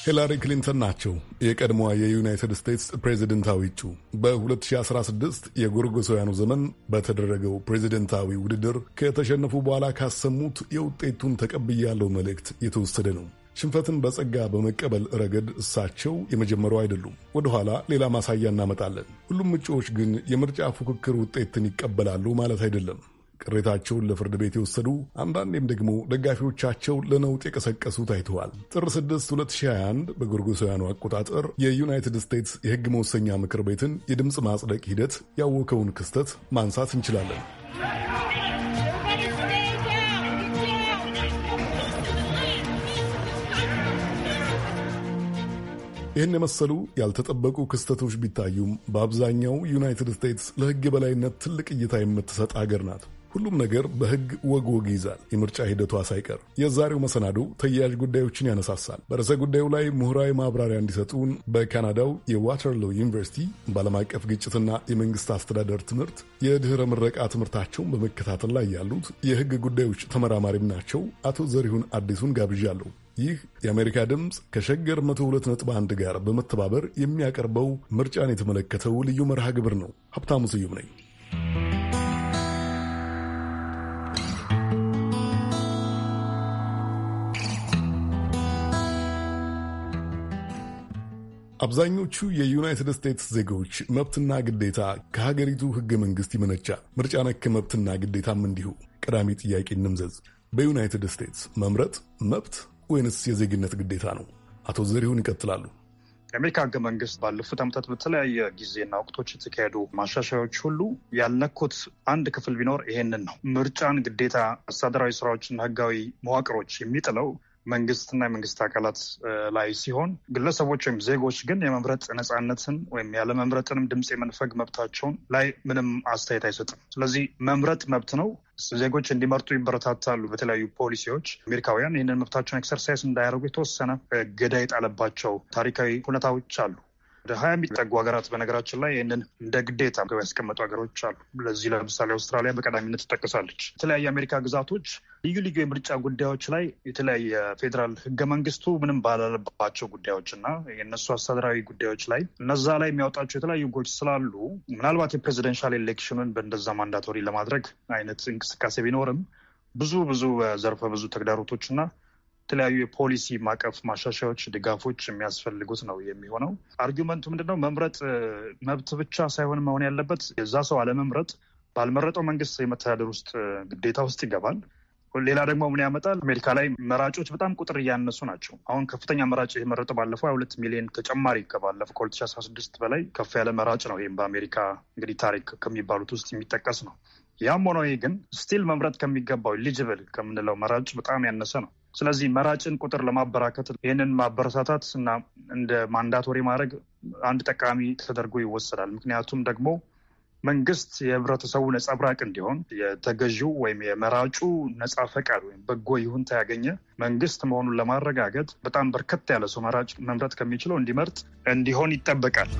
ሂላሪ ክሊንተን ናቸው የቀድሞዋ የዩናይትድ ስቴትስ ፕሬዚደንታዊ እጩ። በ2016 የጎርጎሳውያኑ ዘመን በተደረገው ፕሬዚደንታዊ ውድድር ከተሸነፉ በኋላ ካሰሙት የውጤቱን ተቀብያለው መልእክት የተወሰደ ነው። ሽንፈትን በጸጋ በመቀበል ረገድ እሳቸው የመጀመሪያው አይደሉም። ወደኋላ ሌላ ማሳያ እናመጣለን። ሁሉም እጩዎች ግን የምርጫ ፉክክር ውጤትን ይቀበላሉ ማለት አይደለም። ቅሬታቸውን ለፍርድ ቤት የወሰዱ አንዳንዴም ደግሞ ደጋፊዎቻቸው ለነውጥ የቀሰቀሱ ታይተዋል። ጥር 6 2021 በጎርጎሳውያኑ አቆጣጠር የዩናይትድ ስቴትስ የሕግ መወሰኛ ምክር ቤትን የድምፅ ማጽደቅ ሂደት ያወከውን ክስተት ማንሳት እንችላለን። ይህን የመሰሉ ያልተጠበቁ ክስተቶች ቢታዩም በአብዛኛው ዩናይትድ ስቴትስ ለሕግ የበላይነት ትልቅ እይታ የምትሰጥ አገር ናት። ሁሉም ነገር በሕግ ወግ ወግ ይዛል፣ የምርጫ ሂደቷ ሳይቀር። የዛሬው መሰናዶ ተያያዥ ጉዳዮችን ያነሳሳል። በርዕሰ ጉዳዩ ላይ ምሁራዊ ማብራሪያ እንዲሰጡን በካናዳው የዋተርሎ ዩኒቨርሲቲ በዓለም አቀፍ ግጭትና የመንግስት አስተዳደር ትምህርት የድኅረ ምረቃ ትምህርታቸውን በመከታተል ላይ ያሉት የሕግ ጉዳዮች ተመራማሪም ናቸው አቶ ዘሪሁን አዲሱን ጋብዣለሁ። ይህ የአሜሪካ ድምፅ ከሸገር 102.1 ጋር በመተባበር የሚያቀርበው ምርጫን የተመለከተው ልዩ መርሃ ግብር ነው። ሀብታሙ ስዩም ነኝ። አብዛኞቹ የዩናይትድ ስቴትስ ዜጎች መብትና ግዴታ ከሀገሪቱ ህገ መንግስት ይመነጫል። ምርጫ ነክ መብትና ግዴታም እንዲሁ። ቀዳሚ ጥያቄ እንምዘዝ። በዩናይትድ ስቴትስ መምረጥ መብት ወይንስ የዜግነት ግዴታ ነው? አቶ ዘሪሁን ይቀጥላሉ። የአሜሪካ ህገ መንግስት ባለፉት ዓመታት በተለያየ ጊዜና ወቅቶች የተካሄዱ ማሻሻያዎች ሁሉ ያልነኩት አንድ ክፍል ቢኖር ይሄንን ነው። ምርጫን ግዴታ፣ አስተዳደራዊ ስራዎችና ህጋዊ መዋቅሮች የሚጥለው መንግስትና የመንግስት አካላት ላይ ሲሆን ግለሰቦች ወይም ዜጎች ግን የመምረጥ ነፃነትን ወይም ያለመምረጥንም ድምፅ የመንፈግ መብታቸውን ላይ ምንም አስተያየት አይሰጥም። ስለዚህ መምረጥ መብት ነው። ዜጎች እንዲመርጡ ይበረታታሉ። በተለያዩ ፖሊሲዎች አሜሪካውያን ይህንን መብታቸውን ኤክሰርሳይዝ እንዳያደርጉ የተወሰነ ገዳይጥ የጣለባቸው ታሪካዊ ሁኔታዎች አሉ። ወደ ሀያ የሚጠጉ ሀገራት በነገራችን ላይ ይህንን እንደ ግዴታ ገብ ያስቀመጡ ሀገሮች አሉ። ለዚህ ለምሳሌ አውስትራሊያ በቀዳሚነት ትጠቀሳለች። የተለያዩ የአሜሪካ ግዛቶች ልዩ ልዩ የምርጫ ጉዳዮች ላይ የተለያየ ፌዴራል ህገ መንግስቱ ምንም ባላለባቸው ጉዳዮች እና የእነሱ አስተዳደራዊ ጉዳዮች ላይ እነዛ ላይ የሚያወጣቸው የተለያዩ ህጎች ስላሉ ምናልባት የፕሬዚደንሻል ኤሌክሽኑን በእንደዛ ማንዳቶሪ ለማድረግ አይነት እንቅስቃሴ ቢኖርም ብዙ ብዙ ዘርፈ ብዙ ተግዳሮቶች እና የተለያዩ የፖሊሲ ማቀፍ ማሻሻዎች ድጋፎች የሚያስፈልጉት ነው የሚሆነው። አርጊመንቱ ምንድነው? መምረጥ መብት ብቻ ሳይሆን መሆን ያለበት የዛ ሰው አለመምረጥ ባልመረጠው መንግስት የመተዳደር ውስጥ ግዴታ ውስጥ ይገባል። ሌላ ደግሞ ምን ያመጣል? አሜሪካ ላይ መራጮች በጣም ቁጥር እያነሱ ናቸው። አሁን ከፍተኛ መራጭ የመረጠው ባለፈው ሀያ ሁለት ሚሊዮን ተጨማሪ ከባለፈው ከሁለት ሺ አስራ ስድስት በላይ ከፍ ያለ መራጭ ነው። ይህም በአሜሪካ እንግዲህ ታሪክ ከሚባሉት ውስጥ የሚጠቀስ ነው። ያም ሆኖ ግን ስቲል መምረጥ ከሚገባው ኢሊጅብል ከምንለው መራጭ በጣም ያነሰ ነው። ስለዚህ መራጭን ቁጥር ለማበራከት ይህንን ማበረታታት እና እንደ ማንዳቶሪ ማድረግ አንድ ጠቃሚ ተደርጎ ይወሰዳል። ምክንያቱም ደግሞ መንግስት የህብረተሰቡ ነጸብራቅ እንዲሆን የተገዢው ወይም የመራጩ ነጻ ፈቃድ ወይም በጎ ይሁንታ ያገኘ መንግስት መሆኑን ለማረጋገጥ በጣም በርከት ያለ ሰው መራጭ መምረጥ ከሚችለው እንዲመርጥ እንዲሆን ይጠበቃል።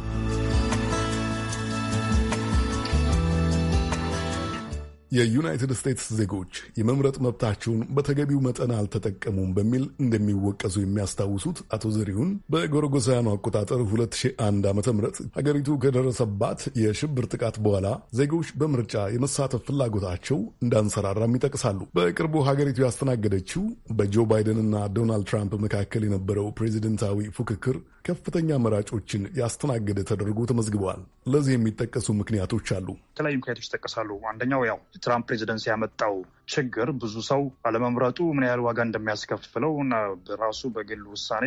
የዩናይትድ ስቴትስ ዜጎች የመምረጥ መብታቸውን በተገቢው መጠን አልተጠቀሙም በሚል እንደሚወቀሱ የሚያስታውሱት አቶ ዘሪሁን በጎረጎሳያኑ አቆጣጠር 2001 ዓ ም ሀገሪቱ ከደረሰባት የሽብር ጥቃት በኋላ ዜጎች በምርጫ የመሳተፍ ፍላጎታቸው እንዳንሰራራም ይጠቅሳሉ። በቅርቡ ሀገሪቱ ያስተናገደችው በጆ ባይደንና ዶናልድ ትራምፕ መካከል የነበረው ፕሬዚደንታዊ ፉክክር ከፍተኛ መራጮችን ያስተናገደ ተደርጎ ተመዝግበዋል። ለዚህ የሚጠቀሱ ምክንያቶች አሉ። የተለያዩ ምክንያቶች ይጠቀሳሉ። አንደኛው ያው የትራምፕ ፕሬዚደንስ ያመጣው ችግር ብዙ ሰው አለመምረጡ ምን ያህል ዋጋ እንደሚያስከፍለው እና በራሱ በግል ውሳኔ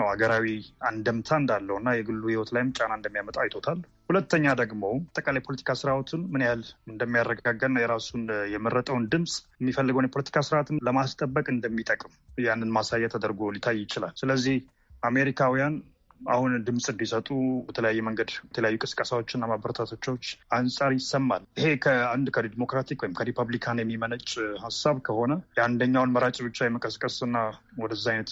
ነው ሀገራዊ አንደምታ እንዳለው እና የግሉ ህይወት ላይም ጫና እንደሚያመጣ አይቶታል። ሁለተኛ ደግሞ አጠቃላይ የፖለቲካ ስርዓቱን ምን ያህል እንደሚያረጋጋና የራሱን የመረጠውን ድምፅ የሚፈልገውን የፖለቲካ ስርዓትን ለማስጠበቅ እንደሚጠቅም ያንን ማሳያ ተደርጎ ሊታይ ይችላል። ስለዚህ አሜሪካውያን አሁን ድምፅ እንዲሰጡ በተለያየ መንገድ የተለያዩ ቅስቀሳዎችና ማበረታቶቻዎች አንጻር ይሰማል። ይሄ ከአንድ ከዲሞክራቲክ ወይም ከሪፐብሊካን የሚመነጭ ሀሳብ ከሆነ የአንደኛውን መራጭ ብቻ የመቀስቀስና ወደዛ አይነት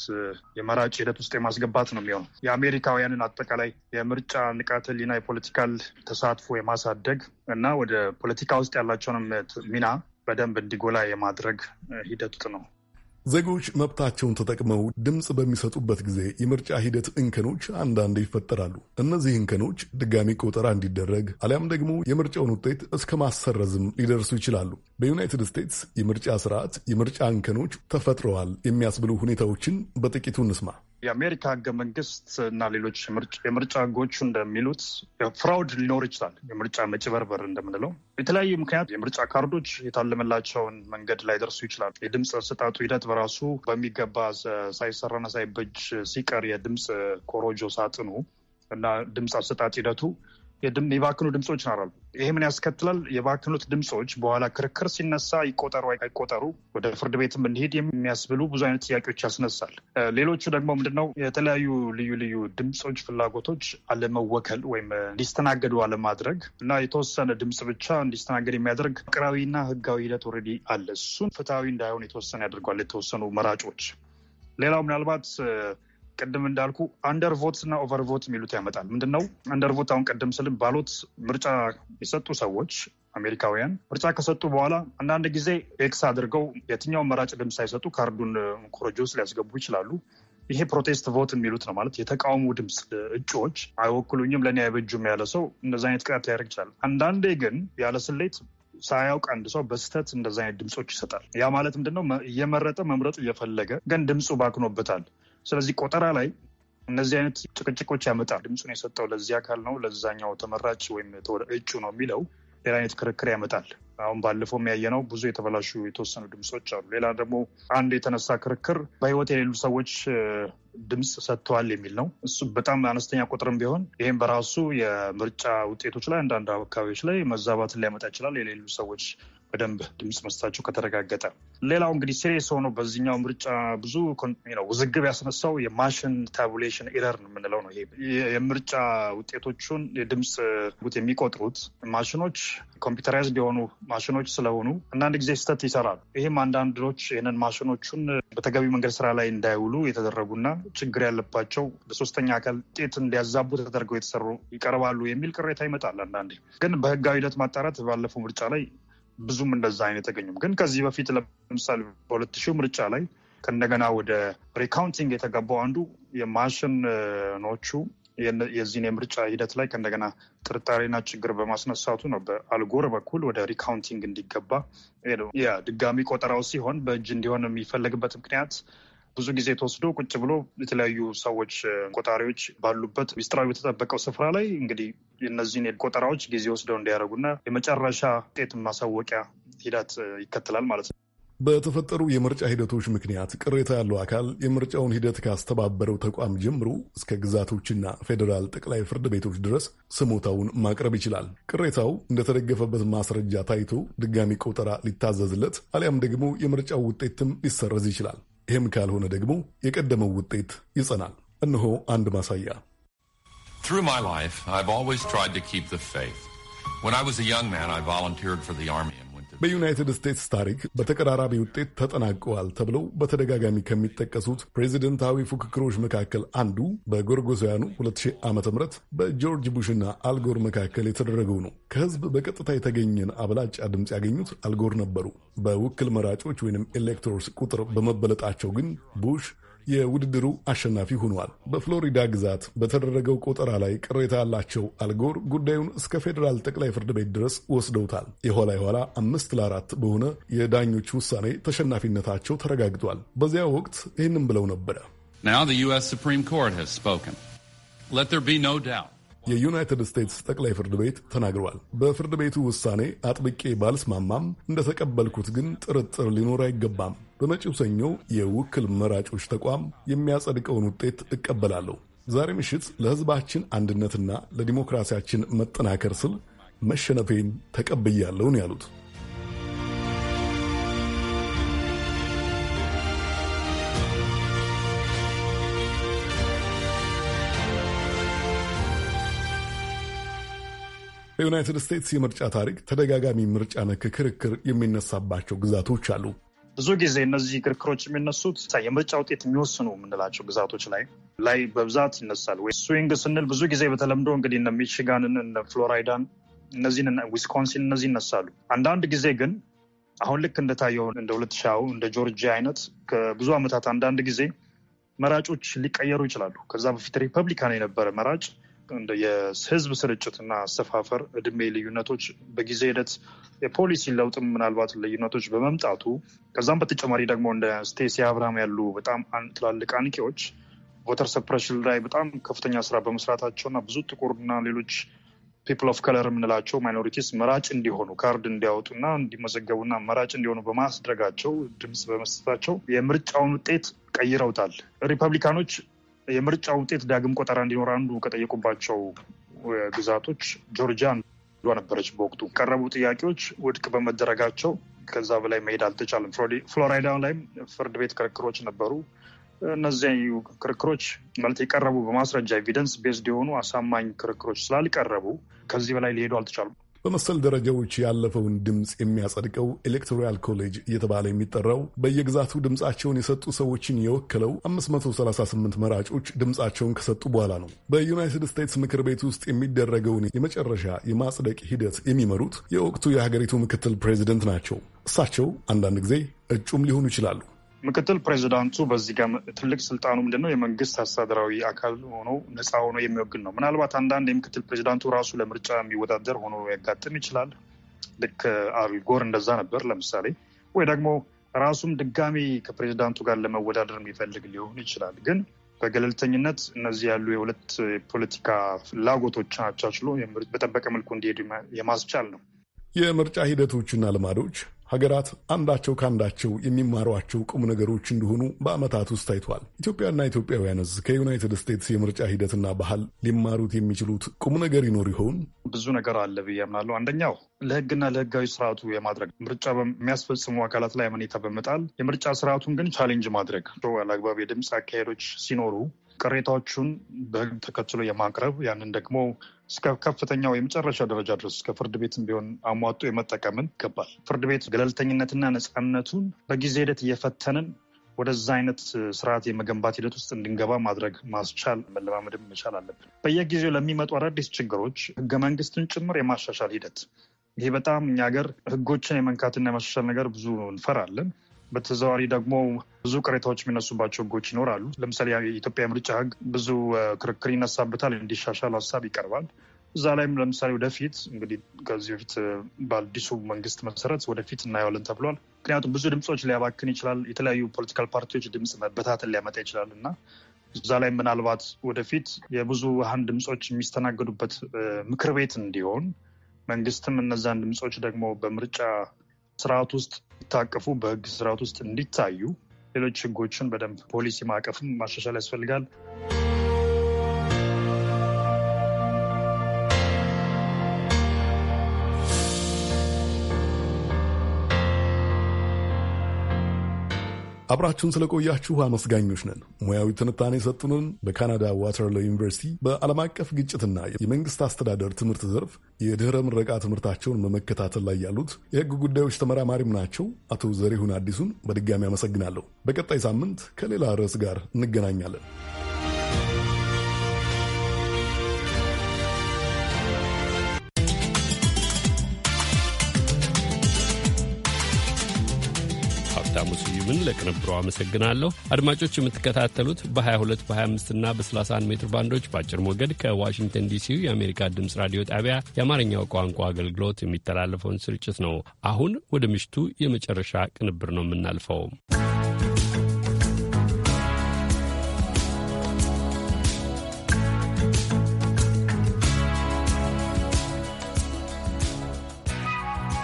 የመራጭ ሂደት ውስጥ የማስገባት ነው የሚሆነው። የአሜሪካውያንን አጠቃላይ የምርጫ ንቃተ ህሊና የፖለቲካል ተሳትፎ የማሳደግ እና ወደ ፖለቲካ ውስጥ ያላቸውንም ሚና በደንብ እንዲጎላ የማድረግ ሂደት ነው ዜጎች መብታቸውን ተጠቅመው ድምፅ በሚሰጡበት ጊዜ የምርጫ ሂደት እንከኖች አንዳንዴ ይፈጠራሉ። እነዚህ እንከኖች ድጋሚ ቆጠራ እንዲደረግ አሊያም ደግሞ የምርጫውን ውጤት እስከ ማሰረዝም ሊደርሱ ይችላሉ። በዩናይትድ ስቴትስ የምርጫ ስርዓት የምርጫ እንከኖች ተፈጥረዋል የሚያስብሉ ሁኔታዎችን በጥቂቱ እንስማ። የአሜሪካ ህገ መንግስት እና ሌሎች የምርጫ ህጎቹ እንደሚሉት ፍራውድ ሊኖር ይችላል። የምርጫ መጭበርበር እንደምንለው የተለያዩ ምክንያት የምርጫ ካርዶች የታለመላቸውን መንገድ ላይ ደርሱ ይችላል። የድምፅ ስጣቱ ሂደት በራሱ በሚገባ ሳይሰራና ሳይበጅ ሲቀር የድምፅ ኮሮጆ ሳጥኑ እና ድምፅ አሰጣጥ ሂደቱ የባክኑ ድምፆች ናራሉ። ይሄ ምን ያስከትላል? የባክኑት ድምፆች በኋላ ክርክር ሲነሳ ይቆጠሩ አይቆጠሩ፣ ወደ ፍርድ ቤትም እንሄድ የሚያስብሉ ብዙ አይነት ጥያቄዎች ያስነሳል። ሌሎቹ ደግሞ ምንድነው የተለያዩ ልዩ ልዩ ድምፆች፣ ፍላጎቶች አለመወከል ወይም እንዲስተናገዱ አለማድረግ እና የተወሰነ ድምፅ ብቻ እንዲስተናገድ የሚያደርግ አቅራዊና ህጋዊ ሂደት ኦልሬዲ አለ። እሱን ፍትሐዊ እንዳይሆን የተወሰነ ያደርገዋል የተወሰኑ መራጮች ሌላው ምናልባት ቅድም እንዳልኩ አንደር ቮትስ እና ኦቨር ቮት የሚሉት ያመጣል። ነው አንደር ቮት? አሁን ቅድም ስል ባሎት ምርጫ የሰጡ ሰዎች አሜሪካውያን ምርጫ ከሰጡ በኋላ አንዳንድ ጊዜ ኤክስ አድርገው የትኛው መራጭ ድምፅ ሳይሰጡ ካርዱን ኮረጆ ውስጥ ሊያስገቡ ይችላሉ። ይሄ ፕሮቴስት ቮት የሚሉት ነው። ማለት የተቃውሞ ድምፅ እጩዎች አይወክሉኝም፣ ለእኔ አይበጁም ያለ ሰው እንደዚ አይነት ቅጣት ሊያደርግ ይችላል። አንዳንዴ ግን ያለ ስሌት ሳያውቅ አንድ ሰው በስህተት እንደዚ አይነት ድምፆች ይሰጣል። ያ ማለት ምንድነው? እየመረጠ መምረጡ እየፈለገ ግን ድምፁ ባክኖበታል። ስለዚህ ቆጠራ ላይ እነዚህ አይነት ጭቅጭቆች ያመጣል። ድምፁን የሰጠው ለዚህ አካል ነው፣ ለዛኛው ተመራጭ ወይም እጩ ነው የሚለው ሌላ አይነት ክርክር ያመጣል። አሁን ባለፈው ያየነው ብዙ የተበላሹ የተወሰኑ ድምፆች አሉ። ሌላ ደግሞ አንድ የተነሳ ክርክር በህይወት የሌሉ ሰዎች ድምፅ ሰጥተዋል የሚል ነው። እሱ በጣም አነስተኛ ቁጥርም ቢሆን ይህም በራሱ የምርጫ ውጤቶች ላይ አንዳንድ አካባቢዎች ላይ መዛባትን ሊያመጣ ይችላል። የሌሉ ሰዎች በደንብ ድምፅ መስታቸው ከተረጋገጠ። ሌላው እንግዲህ ሲሪየስ ሆኖ በዚህኛው ምርጫ ብዙ ውዝግብ ያስነሳው የማሽን ታቡሌሽን ኤረር የምንለው ነው። ይሄ የምርጫ ውጤቶቹን የድምፅ የሚቆጥሩት ማሽኖች ኮምፒውተራይዝድ የሆኑ ማሽኖች ስለሆኑ አንዳንድ ጊዜ ስህተት ይሰራሉ። ይህም አንዳንዶች ይህንን ማሽኖቹን በተገቢ መንገድ ስራ ላይ እንዳይውሉ የተደረጉና ችግር ያለባቸው በሶስተኛ አካል ውጤት እንዲያዛቡ ተደርገው የተሰሩ ይቀርባሉ የሚል ቅሬታ ይመጣል። አንዳንዴ ግን በህጋዊ ሂደት ማጣራት ባለፈው ምርጫ ላይ ብዙም እንደዛ አይነት የተገኙም ግን ከዚህ በፊት ለምሳሌ በሁለት ሺው ምርጫ ላይ ከእንደገና ወደ ሪካውንቲንግ የተገባው አንዱ የማሽኖቹ የዚህን የምርጫ ሂደት ላይ ከእንደገና ጥርጣሬና ችግር በማስነሳቱ ነው። በአልጎር በኩል ወደ ሪካውንቲንግ እንዲገባ ድጋሚ ቆጠራው ሲሆን በእጅ እንዲሆን የሚፈለግበት ምክንያት ብዙ ጊዜ ተወስዶ ቁጭ ብሎ የተለያዩ ሰዎች ቆጣሪዎች ባሉበት ሚስጥራዊ በተጠበቀው ስፍራ ላይ እንግዲህ እነዚህን ቆጠራዎች ጊዜ ወስደው እንዲያደርጉና የመጨረሻ ውጤት ማሳወቂያ ሂደት ይከተላል ማለት ነው። በተፈጠሩ የምርጫ ሂደቶች ምክንያት ቅሬታ ያለው አካል የምርጫውን ሂደት ካስተባበረው ተቋም ጀምሮ እስከ ግዛቶችና ፌዴራል ጠቅላይ ፍርድ ቤቶች ድረስ ስሞታውን ማቅረብ ይችላል። ቅሬታው እንደተደገፈበት ማስረጃ ታይቶ ድጋሚ ቆጠራ ሊታዘዝለት አሊያም ደግሞ የምርጫው ውጤትም ሊሰረዝ ይችላል። ይህም ካልሆነ ደግሞ የቀደመው ውጤት ይጸናል። እነሆ አንድ ማሳያ። Through my life, I've always tried to keep the faith. When I was a young man, I volunteered for the army. በዩናይትድ ስቴትስ ታሪክ በተቀራራቢ ውጤት ተጠናቀዋል ተብለው በተደጋጋሚ ከሚጠቀሱት ፕሬዚደንታዊ ፉክክሮች መካከል አንዱ በጎርጎሳውያኑ 2000 ዓ ም በጆርጅ ቡሽና አልጎር መካከል የተደረገው ነው። ከህዝብ በቀጥታ የተገኘን አብላጫ ድምፅ ያገኙት አልጎር ነበሩ። በውክል መራጮች ወይም ኤሌክቶርስ ቁጥር በመበለጣቸው ግን ቡሽ የውድድሩ አሸናፊ ሆኗል። በፍሎሪዳ ግዛት በተደረገው ቆጠራ ላይ ቅሬታ ያላቸው አልጎር ጉዳዩን እስከ ፌዴራል ጠቅላይ ፍርድ ቤት ድረስ ወስደውታል። የኋላ የኋላ አምስት ለአራት በሆነ የዳኞች ውሳኔ ተሸናፊነታቸው ተረጋግጧል። በዚያ ወቅት ይህንም ብለው ነበረ። Now the U.S. Supreme Court has spoken. Let there be no doubt. የዩናይትድ ስቴትስ ጠቅላይ ፍርድ ቤት ተናግረዋል። በፍርድ ቤቱ ውሳኔ አጥብቄ ባልስማማም እንደተቀበልኩት ግን ጥርጥር ሊኖር አይገባም። በመጪው ሰኞ የውክል መራጮች ተቋም የሚያጸድቀውን ውጤት እቀበላለሁ። ዛሬ ምሽት ለሕዝባችን አንድነትና ለዲሞክራሲያችን መጠናከር ስል መሸነፌን ተቀብያለሁን ያሉት በዩናይትድ ስቴትስ የምርጫ ታሪክ ተደጋጋሚ ምርጫ ነክ ክርክር የሚነሳባቸው ግዛቶች አሉ። ብዙ ጊዜ እነዚህ ክርክሮች የሚነሱት የምርጫ ውጤት የሚወስኑ የምንላቸው ግዛቶች ላይ ላይ በብዛት ይነሳል። ወይ ስዊንግ ስንል ብዙ ጊዜ በተለምዶ እንግዲህ እነ ሚቺጋንን እነ ፍሎራይዳን እነዚህን ዊስኮንሲን እነዚህ ይነሳሉ። አንዳንድ ጊዜ ግን አሁን ልክ እንደታየው እንደ ሁለት ሻው እንደ ጆርጂያ አይነት ከብዙ ዓመታት አንዳንድ ጊዜ መራጮች ሊቀየሩ ይችላሉ። ከዛ በፊት ሪፐብሊካን የነበረ መራጭ የህዝብ ስርጭትና አሰፋፈር እድሜ ልዩነቶች በጊዜ ሂደት የፖሊሲ ለውጥም ምናልባት ልዩነቶች በመምጣቱ ከዛም በተጨማሪ ደግሞ እንደ ስቴሲ አብርሃም ያሉ በጣም ትላልቅ አንቂዎች ቮተር ሰፕሬሽን ላይ በጣም ከፍተኛ ስራ እና ብዙ ጥቁርና ሌሎች ፒፕል ኦፍ ከለር የምንላቸው ማይኖሪቲስ መራጭ እንዲሆኑ ካርድ እንዲያወጡና እንዲመዘገቡና መራጭ እንዲሆኑ በማስደረጋቸው ድምፅ በመስጠታቸው የምርጫውን ውጤት ቀይረውታል። ሪፐብሊካኖች የምርጫ ውጤት ዳግም ቆጠራ እንዲኖር አንዱ ከጠየቁባቸው ግዛቶች ጆርጂያ አንዷ ነበረች። በወቅቱ ቀረቡ ጥያቄዎች ውድቅ በመደረጋቸው ከዛ በላይ መሄድ አልተቻለም። ፍሎሪዳ ላይም ፍርድ ቤት ክርክሮች ነበሩ። እነዚያ ክርክሮች ማለት የቀረቡ በማስረጃ ኤቪደንስ ቤዝድ የሆኑ አሳማኝ ክርክሮች ስላልቀረቡ ከዚህ በላይ ሊሄዱ አልተቻሉም። በመሰል ደረጃዎች ያለፈውን ድምፅ የሚያጸድቀው ኤሌክቶራል ኮሌጅ እየተባለ የሚጠራው በየግዛቱ ድምፃቸውን የሰጡ ሰዎችን የወከለው 538 መራጮች ድምፃቸውን ከሰጡ በኋላ ነው። በዩናይትድ ስቴትስ ምክር ቤት ውስጥ የሚደረገውን የመጨረሻ የማጽደቅ ሂደት የሚመሩት የወቅቱ የሀገሪቱ ምክትል ፕሬዚደንት ናቸው። እሳቸው አንዳንድ ጊዜ እጩም ሊሆኑ ይችላሉ። ምክትል ፕሬዚዳንቱ በዚህ ጋር ትልቅ ስልጣኑ ምንድነው? የመንግስት አስተዳደራዊ አካል ሆኖ ነፃ ሆኖ የሚወግን ነው። ምናልባት አንዳንድ የምክትል ፕሬዚዳንቱ ራሱ ለምርጫ የሚወዳደር ሆኖ ያጋጥም ይችላል። ልክ አልጎር እንደዛ ነበር ለምሳሌ። ወይ ደግሞ ራሱም ድጋሚ ከፕሬዚዳንቱ ጋር ለመወዳደር የሚፈልግ ሊሆን ይችላል። ግን በገለልተኝነት እነዚህ ያሉ የሁለት ፖለቲካ ፍላጎቶች አቻችሎ በጠበቀ መልኩ እንዲሄዱ የማስቻል ነው። የምርጫ ሂደቶችና ልማዶች ሀገራት አንዳቸው ከአንዳቸው የሚማሯቸው ቁም ነገሮች እንደሆኑ በዓመታት ውስጥ ታይቷል። ኢትዮጵያና ኢትዮጵያውያንስ ከዩናይትድ ስቴትስ የምርጫ ሂደትና ባህል ሊማሩት የሚችሉት ቁም ነገር ይኖር ይሆን? ብዙ ነገር አለ ብዬ አምናለሁ። አንደኛው ለህግና ለህጋዊ ስርዓቱ የማድረግ ምርጫ በሚያስፈጽሙ አካላት ላይ አመኔታ በመጣል የምርጫ ስርዓቱን ግን ቻሌንጅ ማድረግ አላግባብ የድምፅ አካሄዶች ሲኖሩ ቅሬታዎቹን በህግ ተከትሎ የማቅረብ ያንን ደግሞ እስከ ከፍተኛው የመጨረሻ ደረጃ ድረስ እስከ ፍርድ ቤትም ቢሆን አሟጡ የመጠቀምን ይገባል። ፍርድ ቤት ገለልተኝነትና ነፃነቱን በጊዜ ሂደት እየፈተንን ወደዛ አይነት ስርዓት የመገንባት ሂደት ውስጥ እንድንገባ ማድረግ ማስቻል መለማመድ መቻል አለብን። በየጊዜው ለሚመጡ አዳዲስ ችግሮች ህገ መንግስትን ጭምር የማሻሻል ሂደት ይሄ በጣም እኛ ሀገር ህጎችን የመንካትና የማሻሻል ነገር ብዙ እንፈራለን። በተዘዋዋሪ ደግሞ ብዙ ቅሬታዎች የሚነሱባቸው ህጎች ይኖራሉ። ለምሳሌ የኢትዮጵያ ምርጫ ህግ ብዙ ክርክር ይነሳበታል፣ እንዲሻሻል ሀሳብ ይቀርባል። እዛ ላይም ለምሳሌ ወደፊት እንግዲህ ከዚህ በፊት በአዲሱ መንግስት መሰረት ወደፊት እናየዋለን ተብሏል። ምክንያቱም ብዙ ድምፆች ሊያባክን ይችላል። የተለያዩ ፖለቲካል ፓርቲዎች ድምፅ መበታተን ሊያመጣ ይችላል እና እዛ ላይ ምናልባት ወደፊት የብዙሃን ድምፆች የሚስተናገዱበት ምክር ቤት እንዲሆን መንግስትም እነዛን ድምፆች ደግሞ በምርጫ ስርዓት ውስጥ እንዲታቀፉ በህግ ስርዓት ውስጥ እንዲታዩ ሌሎች ህጎችን በደንብ ፖሊሲ ማዕቀፍም ማሻሻል ያስፈልጋል። አብራችሁን ስለቆያችሁ አመስጋኞች ነን። ሙያዊ ትንታኔ የሰጡንን በካናዳ ዋተርሎ ዩኒቨርሲቲ በዓለም አቀፍ ግጭትና የመንግስት አስተዳደር ትምህርት ዘርፍ የድኅረ ምረቃ ትምህርታቸውን በመከታተል ላይ ያሉት የሕግ ጉዳዮች ተመራማሪም ናቸው አቶ ዘሪሁን አዲሱን በድጋሚ አመሰግናለሁ። በቀጣይ ሳምንት ከሌላ ርዕስ ጋር እንገናኛለን። ግርምን ለቅንብሮ አመሰግናለሁ። አድማጮች የምትከታተሉት በ22 በ25 እና በ31 ሜትር ባንዶች በአጭር ሞገድ ከዋሽንግተን ዲሲ የአሜሪካ ድምፅ ራዲዮ ጣቢያ የአማርኛው ቋንቋ አገልግሎት የሚተላለፈውን ስርጭት ነው። አሁን ወደ ምሽቱ የመጨረሻ ቅንብር ነው የምናልፈው።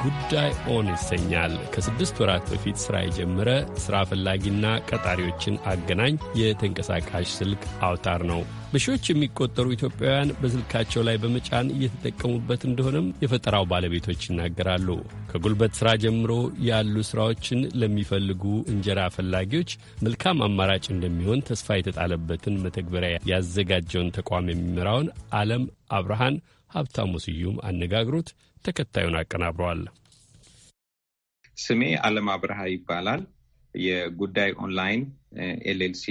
ጉዳይ ኦን ይሰኛል። ከስድስት ወራት በፊት ሥራ የጀመረ ሥራ ፈላጊና ቀጣሪዎችን አገናኝ የተንቀሳቃሽ ስልክ አውታር ነው። በሺዎች የሚቆጠሩ ኢትዮጵያውያን በስልካቸው ላይ በመጫን እየተጠቀሙበት እንደሆነም የፈጠራው ባለቤቶች ይናገራሉ። ከጉልበት ሥራ ጀምሮ ያሉ ሥራዎችን ለሚፈልጉ እንጀራ ፈላጊዎች መልካም አማራጭ እንደሚሆን ተስፋ የተጣለበትን መተግበሪያ ያዘጋጀውን ተቋም የሚመራውን ዓለም አብርሃን ሀብታሙ ስዩም አነጋግሮት ተከታዩን አቀናብረዋል። ስሜ አለም አብርሃ ይባላል። የጉዳይ ኦንላይን ኤልኤልሲ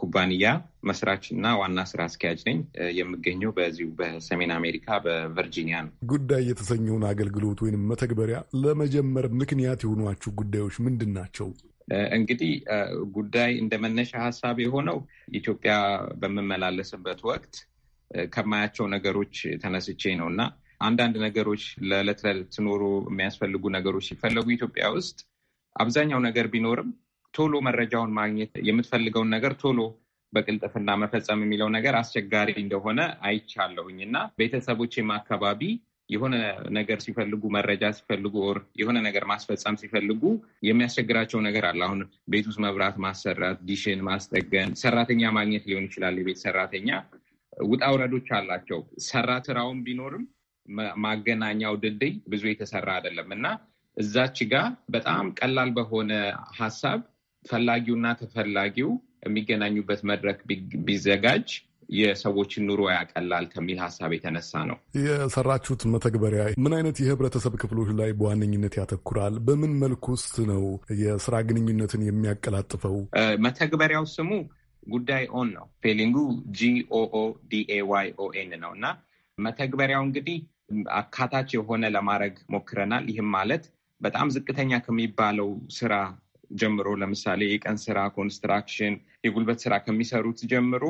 ኩባንያ መስራች እና ዋና ስራ አስኪያጅ ነኝ። የምገኘው በዚሁ በሰሜን አሜሪካ በቨርጂኒያ ነው። ጉዳይ የተሰኘውን አገልግሎት ወይም መተግበሪያ ለመጀመር ምክንያት የሆኗችሁ ጉዳዮች ምንድን ናቸው? እንግዲህ ጉዳይ እንደ መነሻ ሀሳብ የሆነው ኢትዮጵያ በምመላለስበት ወቅት ከማያቸው ነገሮች ተነስቼ ነው እና አንዳንድ ነገሮች ለዕለት ለዕለት ኖሮ የሚያስፈልጉ ነገሮች ሲፈለጉ ኢትዮጵያ ውስጥ አብዛኛው ነገር ቢኖርም ቶሎ መረጃውን ማግኘት የምትፈልገውን ነገር ቶሎ በቅልጥፍና መፈጸም የሚለው ነገር አስቸጋሪ እንደሆነ አይቻለሁኝ እና ቤተሰቦቼም አካባቢ የሆነ ነገር ሲፈልጉ መረጃ ሲፈልጉ ኦር የሆነ ነገር ማስፈጸም ሲፈልጉ የሚያስቸግራቸው ነገር አለ። አሁን ቤት ውስጥ መብራት ማሰራት፣ ዲሽን ማስጠገን፣ ሰራተኛ ማግኘት ሊሆን ይችላል የቤት ሰራተኛ ውጣ ውረዶች አላቸው። ሰራ ስራውን ቢኖርም ማገናኛው ድልድይ ብዙ የተሰራ አይደለም እና እዛች ጋ በጣም ቀላል በሆነ ሀሳብ ፈላጊውና ተፈላጊው የሚገናኙበት መድረክ ቢዘጋጅ የሰዎችን ኑሮ ያቀላል ከሚል ሀሳብ የተነሳ ነው የሰራችሁት መተግበሪያ። ምን አይነት የህብረተሰብ ክፍሎች ላይ በዋነኝነት ያተኩራል? በምን መልኩ ውስጥ ነው የስራ ግንኙነትን የሚያቀላጥፈው? መተግበሪያው ስሙ ጉዳይ ኦን ነው። ፔሊንጉ ጂኦኦ ዲኤዋይ ኦኤን ነው እና መተግበሪያው እንግዲህ አካታች የሆነ ለማድረግ ሞክረናል። ይህም ማለት በጣም ዝቅተኛ ከሚባለው ስራ ጀምሮ ለምሳሌ የቀን ስራ፣ ኮንስትራክሽን፣ የጉልበት ስራ ከሚሰሩት ጀምሮ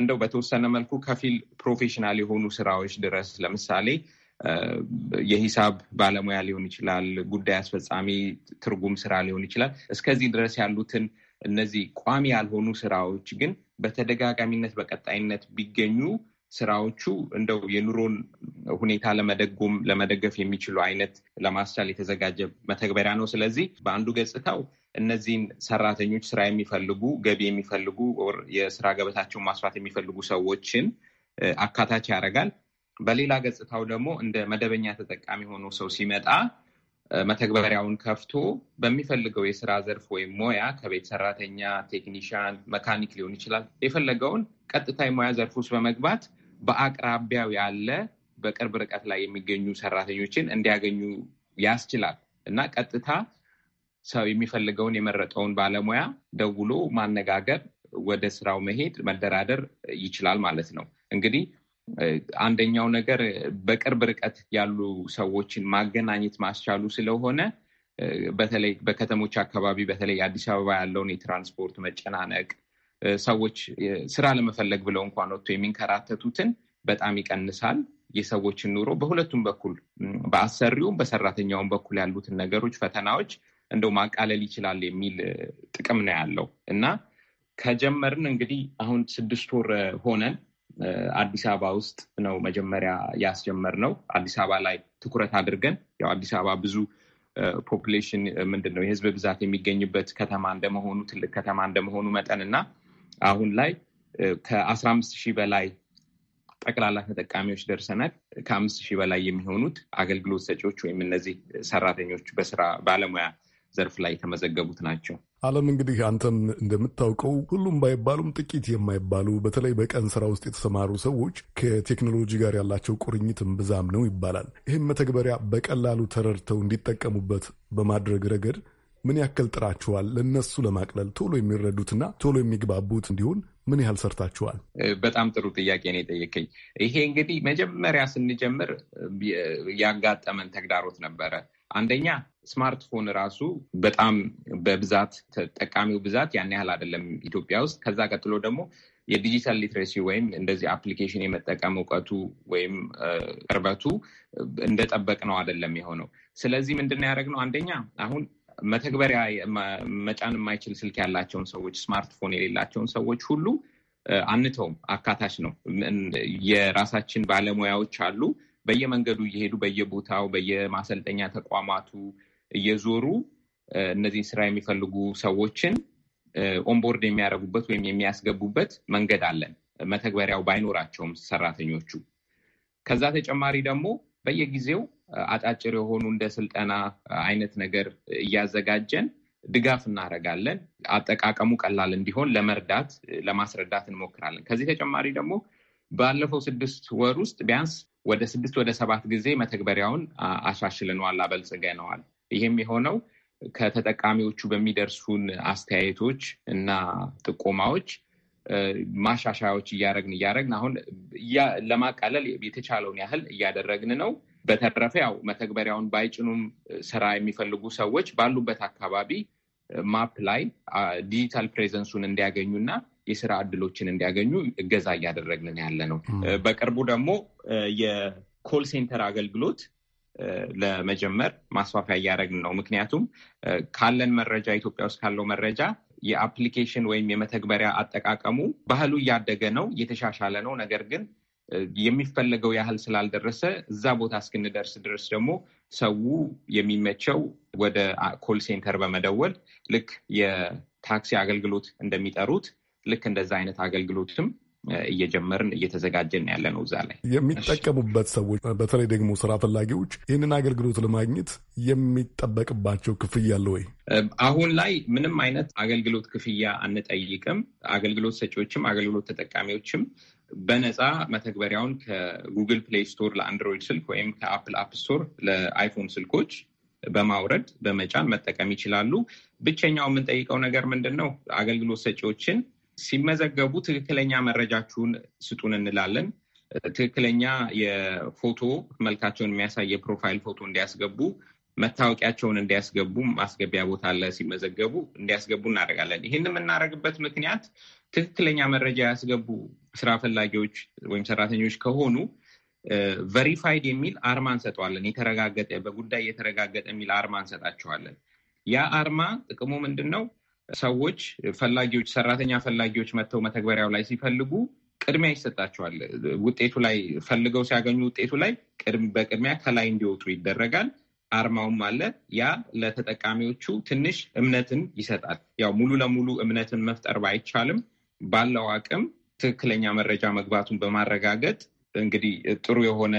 እንደው በተወሰነ መልኩ ከፊል ፕሮፌሽናል የሆኑ ስራዎች ድረስ ለምሳሌ የሂሳብ ባለሙያ ሊሆን ይችላል፣ ጉዳይ አስፈጻሚ፣ ትርጉም ስራ ሊሆን ይችላል። እስከዚህ ድረስ ያሉትን እነዚህ ቋሚ ያልሆኑ ስራዎች ግን በተደጋጋሚነት በቀጣይነት ቢገኙ ስራዎቹ እንደው የኑሮን ሁኔታ ለመደጎም ለመደገፍ የሚችሉ አይነት ለማስቻል የተዘጋጀ መተግበሪያ ነው። ስለዚህ በአንዱ ገጽታው እነዚህን ሰራተኞች ስራ የሚፈልጉ ገቢ የሚፈልጉ የስራ ገበታቸውን ማስፋት የሚፈልጉ ሰዎችን አካታች ያደርጋል። በሌላ ገጽታው ደግሞ እንደ መደበኛ ተጠቃሚ ሆኖ ሰው ሲመጣ መተግበሪያውን ከፍቶ በሚፈልገው የስራ ዘርፍ ወይም ሞያ ከቤት ሰራተኛ፣ ቴክኒሽያን መካኒክ ሊሆን ይችላል የፈለገውን ቀጥታ የሙያ ዘርፍ ውስጥ በመግባት በአቅራቢያው ያለ በቅርብ ርቀት ላይ የሚገኙ ሰራተኞችን እንዲያገኙ ያስችላል እና ቀጥታ ሰው የሚፈልገውን የመረጠውን ባለሙያ ደውሎ ማነጋገር፣ ወደ ስራው መሄድ፣ መደራደር ይችላል ማለት ነው እንግዲህ አንደኛው ነገር በቅርብ ርቀት ያሉ ሰዎችን ማገናኘት ማስቻሉ ስለሆነ በተለይ በከተሞች አካባቢ በተለይ አዲስ አበባ ያለውን የትራንስፖርት መጨናነቅ ሰዎች ስራ ለመፈለግ ብለው እንኳን ወጥቶ የሚንከራተቱትን በጣም ይቀንሳል። የሰዎችን ኑሮ በሁለቱም በኩል በአሰሪውም በሰራተኛውም በኩል ያሉትን ነገሮች፣ ፈተናዎች እንደው ማቃለል ይችላል የሚል ጥቅም ነው ያለው እና ከጀመርን እንግዲህ አሁን ስድስት ወር ሆነን አዲስ አበባ ውስጥ ነው መጀመሪያ ያስጀመር ነው። አዲስ አበባ ላይ ትኩረት አድርገን ያው አዲስ አበባ ብዙ ፖፕሌሽን ምንድን ነው የህዝብ ብዛት የሚገኝበት ከተማ እንደመሆኑ ትልቅ ከተማ እንደመሆኑ መጠን እና አሁን ላይ ከአስራ አምስት ሺህ በላይ ጠቅላላ ተጠቃሚዎች ደርሰናል። ከአምስት ሺህ በላይ የሚሆኑት አገልግሎት ሰጪዎች ወይም እነዚህ ሰራተኞች በስራ ባለሙያ ዘርፍ ላይ የተመዘገቡት ናቸው። አለም እንግዲህ አንተም እንደምታውቀው ሁሉም ባይባሉም ጥቂት የማይባሉ በተለይ በቀን ስራ ውስጥ የተሰማሩ ሰዎች ከቴክኖሎጂ ጋር ያላቸው ቁርኝትም ብዛም ነው ይባላል። ይህም መተግበሪያ በቀላሉ ተረድተው እንዲጠቀሙበት በማድረግ ረገድ ምን ያክል ጥራችኋል? ለእነሱ ለማቅለል ቶሎ የሚረዱትና ቶሎ የሚግባቡት እንዲሆን ምን ያህል ሰርታችኋል? በጣም ጥሩ ጥያቄ ነው የጠየቀኝ። ይሄ እንግዲህ መጀመሪያ ስንጀምር ያጋጠመን ተግዳሮት ነበረ። አንደኛ ስማርትፎን ራሱ በጣም በብዛት ተጠቃሚው ብዛት ያን ያህል አይደለም ኢትዮጵያ ውስጥ። ከዛ ቀጥሎ ደግሞ የዲጂታል ሊትሬሲ ወይም እንደዚህ አፕሊኬሽን የመጠቀም እውቀቱ ወይም ቅርበቱ እንደጠበቅ ነው አይደለም የሆነው። ስለዚህ ምንድን ነው ያደረግነው? አንደኛ አሁን መተግበሪያ መጫን የማይችል ስልክ ያላቸውን ሰዎች፣ ስማርትፎን የሌላቸውን ሰዎች ሁሉ አንተውም፣ አካታች ነው። የራሳችን ባለሙያዎች አሉ በየመንገዱ እየሄዱ በየቦታው በየማሰልጠኛ ተቋማቱ እየዞሩ እነዚህን ስራ የሚፈልጉ ሰዎችን ኦንቦርድ የሚያደርጉበት ወይም የሚያስገቡበት መንገድ አለን። መተግበሪያው ባይኖራቸውም ሰራተኞቹ ከዛ ተጨማሪ ደግሞ በየጊዜው አጫጭር የሆኑ እንደ ስልጠና አይነት ነገር እያዘጋጀን ድጋፍ እናደርጋለን። አጠቃቀሙ ቀላል እንዲሆን ለመርዳት ለማስረዳት እንሞክራለን። ከዚህ ተጨማሪ ደግሞ ባለፈው ስድስት ወር ውስጥ ቢያንስ ወደ ስድስት ወደ ሰባት ጊዜ መተግበሪያውን አሻሽለነዋል፣ አበልጽገነዋል። ይህም የሆነው ከተጠቃሚዎቹ በሚደርሱን አስተያየቶች እና ጥቆማዎች ማሻሻያዎች እያደረግን እያደረግን አሁን ለማቃለል የተቻለውን ያህል እያደረግን ነው። በተረፈ ያው መተግበሪያውን ባይጭኑም ስራ የሚፈልጉ ሰዎች ባሉበት አካባቢ ማፕ ላይ ዲጂታል ፕሬዘንሱን እንዲያገኙና የስራ እድሎችን እንዲያገኙ እገዛ እያደረግን ያለ ነው። በቅርቡ ደግሞ የኮል ሴንተር አገልግሎት ለመጀመር ማስፋፊያ እያደረግን ነው። ምክንያቱም ካለን መረጃ ኢትዮጵያ ውስጥ ካለው መረጃ የአፕሊኬሽን ወይም የመተግበሪያ አጠቃቀሙ ባህሉ እያደገ ነው፣ እየተሻሻለ ነው። ነገር ግን የሚፈለገው ያህል ስላልደረሰ እዛ ቦታ እስክንደርስ ድረስ ደግሞ ሰው የሚመቸው ወደ ኮል ሴንተር በመደወል ልክ የታክሲ አገልግሎት እንደሚጠሩት ልክ እንደዛ አይነት አገልግሎትም እየጀመርን እየተዘጋጀን ያለ ነው። እዛ ላይ የሚጠቀሙበት ሰዎች በተለይ ደግሞ ስራ ፈላጊዎች ይህንን አገልግሎት ለማግኘት የሚጠበቅባቸው ክፍያ አለ ወይ? አሁን ላይ ምንም አይነት አገልግሎት ክፍያ አንጠይቅም። አገልግሎት ሰጪዎችም አገልግሎት ተጠቃሚዎችም በነፃ መተግበሪያውን ከጉግል ፕሌይ ስቶር ለአንድሮይድ ስልክ ወይም ከአፕል አፕ ስቶር ለአይፎን ስልኮች በማውረድ በመጫን መጠቀም ይችላሉ። ብቸኛው የምንጠይቀው ነገር ምንድን ነው? አገልግሎት ሰጪዎችን ሲመዘገቡ ትክክለኛ መረጃችሁን ስጡን እንላለን። ትክክለኛ የፎቶ መልካቸውን የሚያሳይ የፕሮፋይል ፎቶ እንዲያስገቡ፣ መታወቂያቸውን እንዲያስገቡ ማስገቢያ ቦታ አለ፣ ሲመዘገቡ እንዲያስገቡ እናደርጋለን። ይህን የምናደርግበት ምክንያት ትክክለኛ መረጃ ያስገቡ ስራ ፈላጊዎች ወይም ሰራተኞች ከሆኑ ቨሪፋይድ የሚል አርማ እንሰጠዋለን። የተረጋገጠ በጉዳይ የተረጋገጠ የሚል አርማ እንሰጣቸዋለን። ያ አርማ ጥቅሙ ምንድን ነው? ሰዎች ፈላጊዎች ሰራተኛ ፈላጊዎች መጥተው መተግበሪያው ላይ ሲፈልጉ ቅድሚያ ይሰጣቸዋል። ውጤቱ ላይ ፈልገው ሲያገኙ ውጤቱ ላይ በቅድሚያ ከላይ እንዲወጡ ይደረጋል። አርማውም አለ። ያ ለተጠቃሚዎቹ ትንሽ እምነትን ይሰጣል። ያው ሙሉ ለሙሉ እምነትን መፍጠር ባይቻልም ባለው አቅም ትክክለኛ መረጃ መግባቱን በማረጋገጥ እንግዲህ ጥሩ የሆነ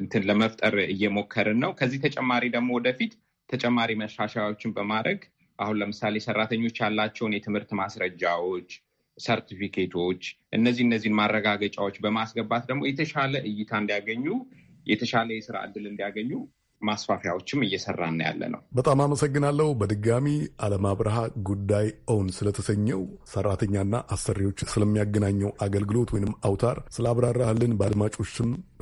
እንትን ለመፍጠር እየሞከርን ነው። ከዚህ ተጨማሪ ደግሞ ወደፊት ተጨማሪ መሻሻያዎችን በማድረግ አሁን ለምሳሌ ሰራተኞች ያላቸውን የትምህርት ማስረጃዎች፣ ሰርቲፊኬቶች፣ እነዚህ እነዚህን ማረጋገጫዎች በማስገባት ደግሞ የተሻለ እይታ እንዲያገኙ የተሻለ የስራ እድል እንዲያገኙ ማስፋፊያዎችም እየሰራን ያለ ነው። በጣም አመሰግናለሁ። በድጋሚ አለም አብርሃ ጉዳይ ኦን ስለተሰኘው ሰራተኛና አሰሪዎች ስለሚያገናኘው አገልግሎት ወይም አውታር ስላብራራህልን በአድማጮች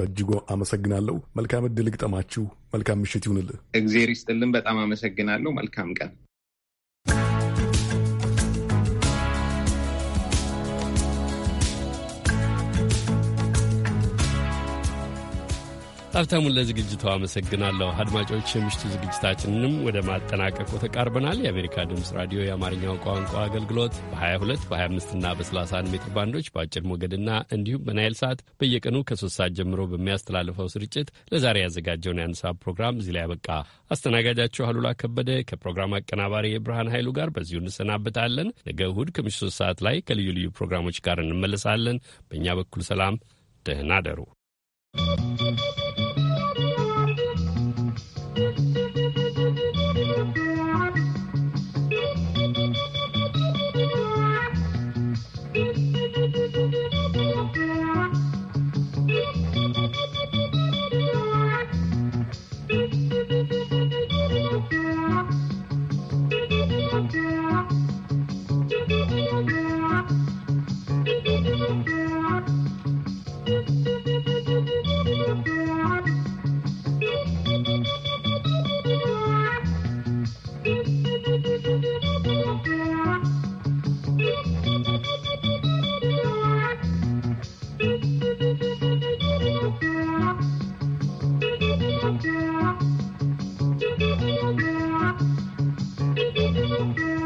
በእጅጉ አመሰግናለሁ። መልካም እድል ግጠማችሁ። መልካም ምሽት ይሁንልህ። እግዜር ይስጥልን። በጣም አመሰግናለሁ። መልካም ቀን ሀብታሙን ለዝግጅቱ አመሰግናለሁ። አድማጮች፣ የምሽቱ ዝግጅታችንንም ወደ ማጠናቀቁ ተቃርበናል። የአሜሪካ ድምፅ ራዲዮ የአማርኛው ቋንቋ አገልግሎት በ22 በ25 እና በ31 ሜትር ባንዶች በአጭር ሞገድና እንዲሁም በናይል ሰዓት በየቀኑ ከሶስት ሰዓት ጀምሮ በሚያስተላልፈው ስርጭት ለዛሬ ያዘጋጀውን የአንሳ ፕሮግራም እዚህ ላይ ያበቃ። አስተናጋጃችሁ አሉላ ከበደ ከፕሮግራም አቀናባሪ የብርሃን ኃይሉ ጋር በዚሁ እንሰናበታለን። ነገ እሁድ ከምሽቱ ሶስት ሰዓት ላይ ከልዩ ልዩ ፕሮግራሞች ጋር እንመለሳለን። በእኛ በኩል ሰላም፣ ደህና ደሩ።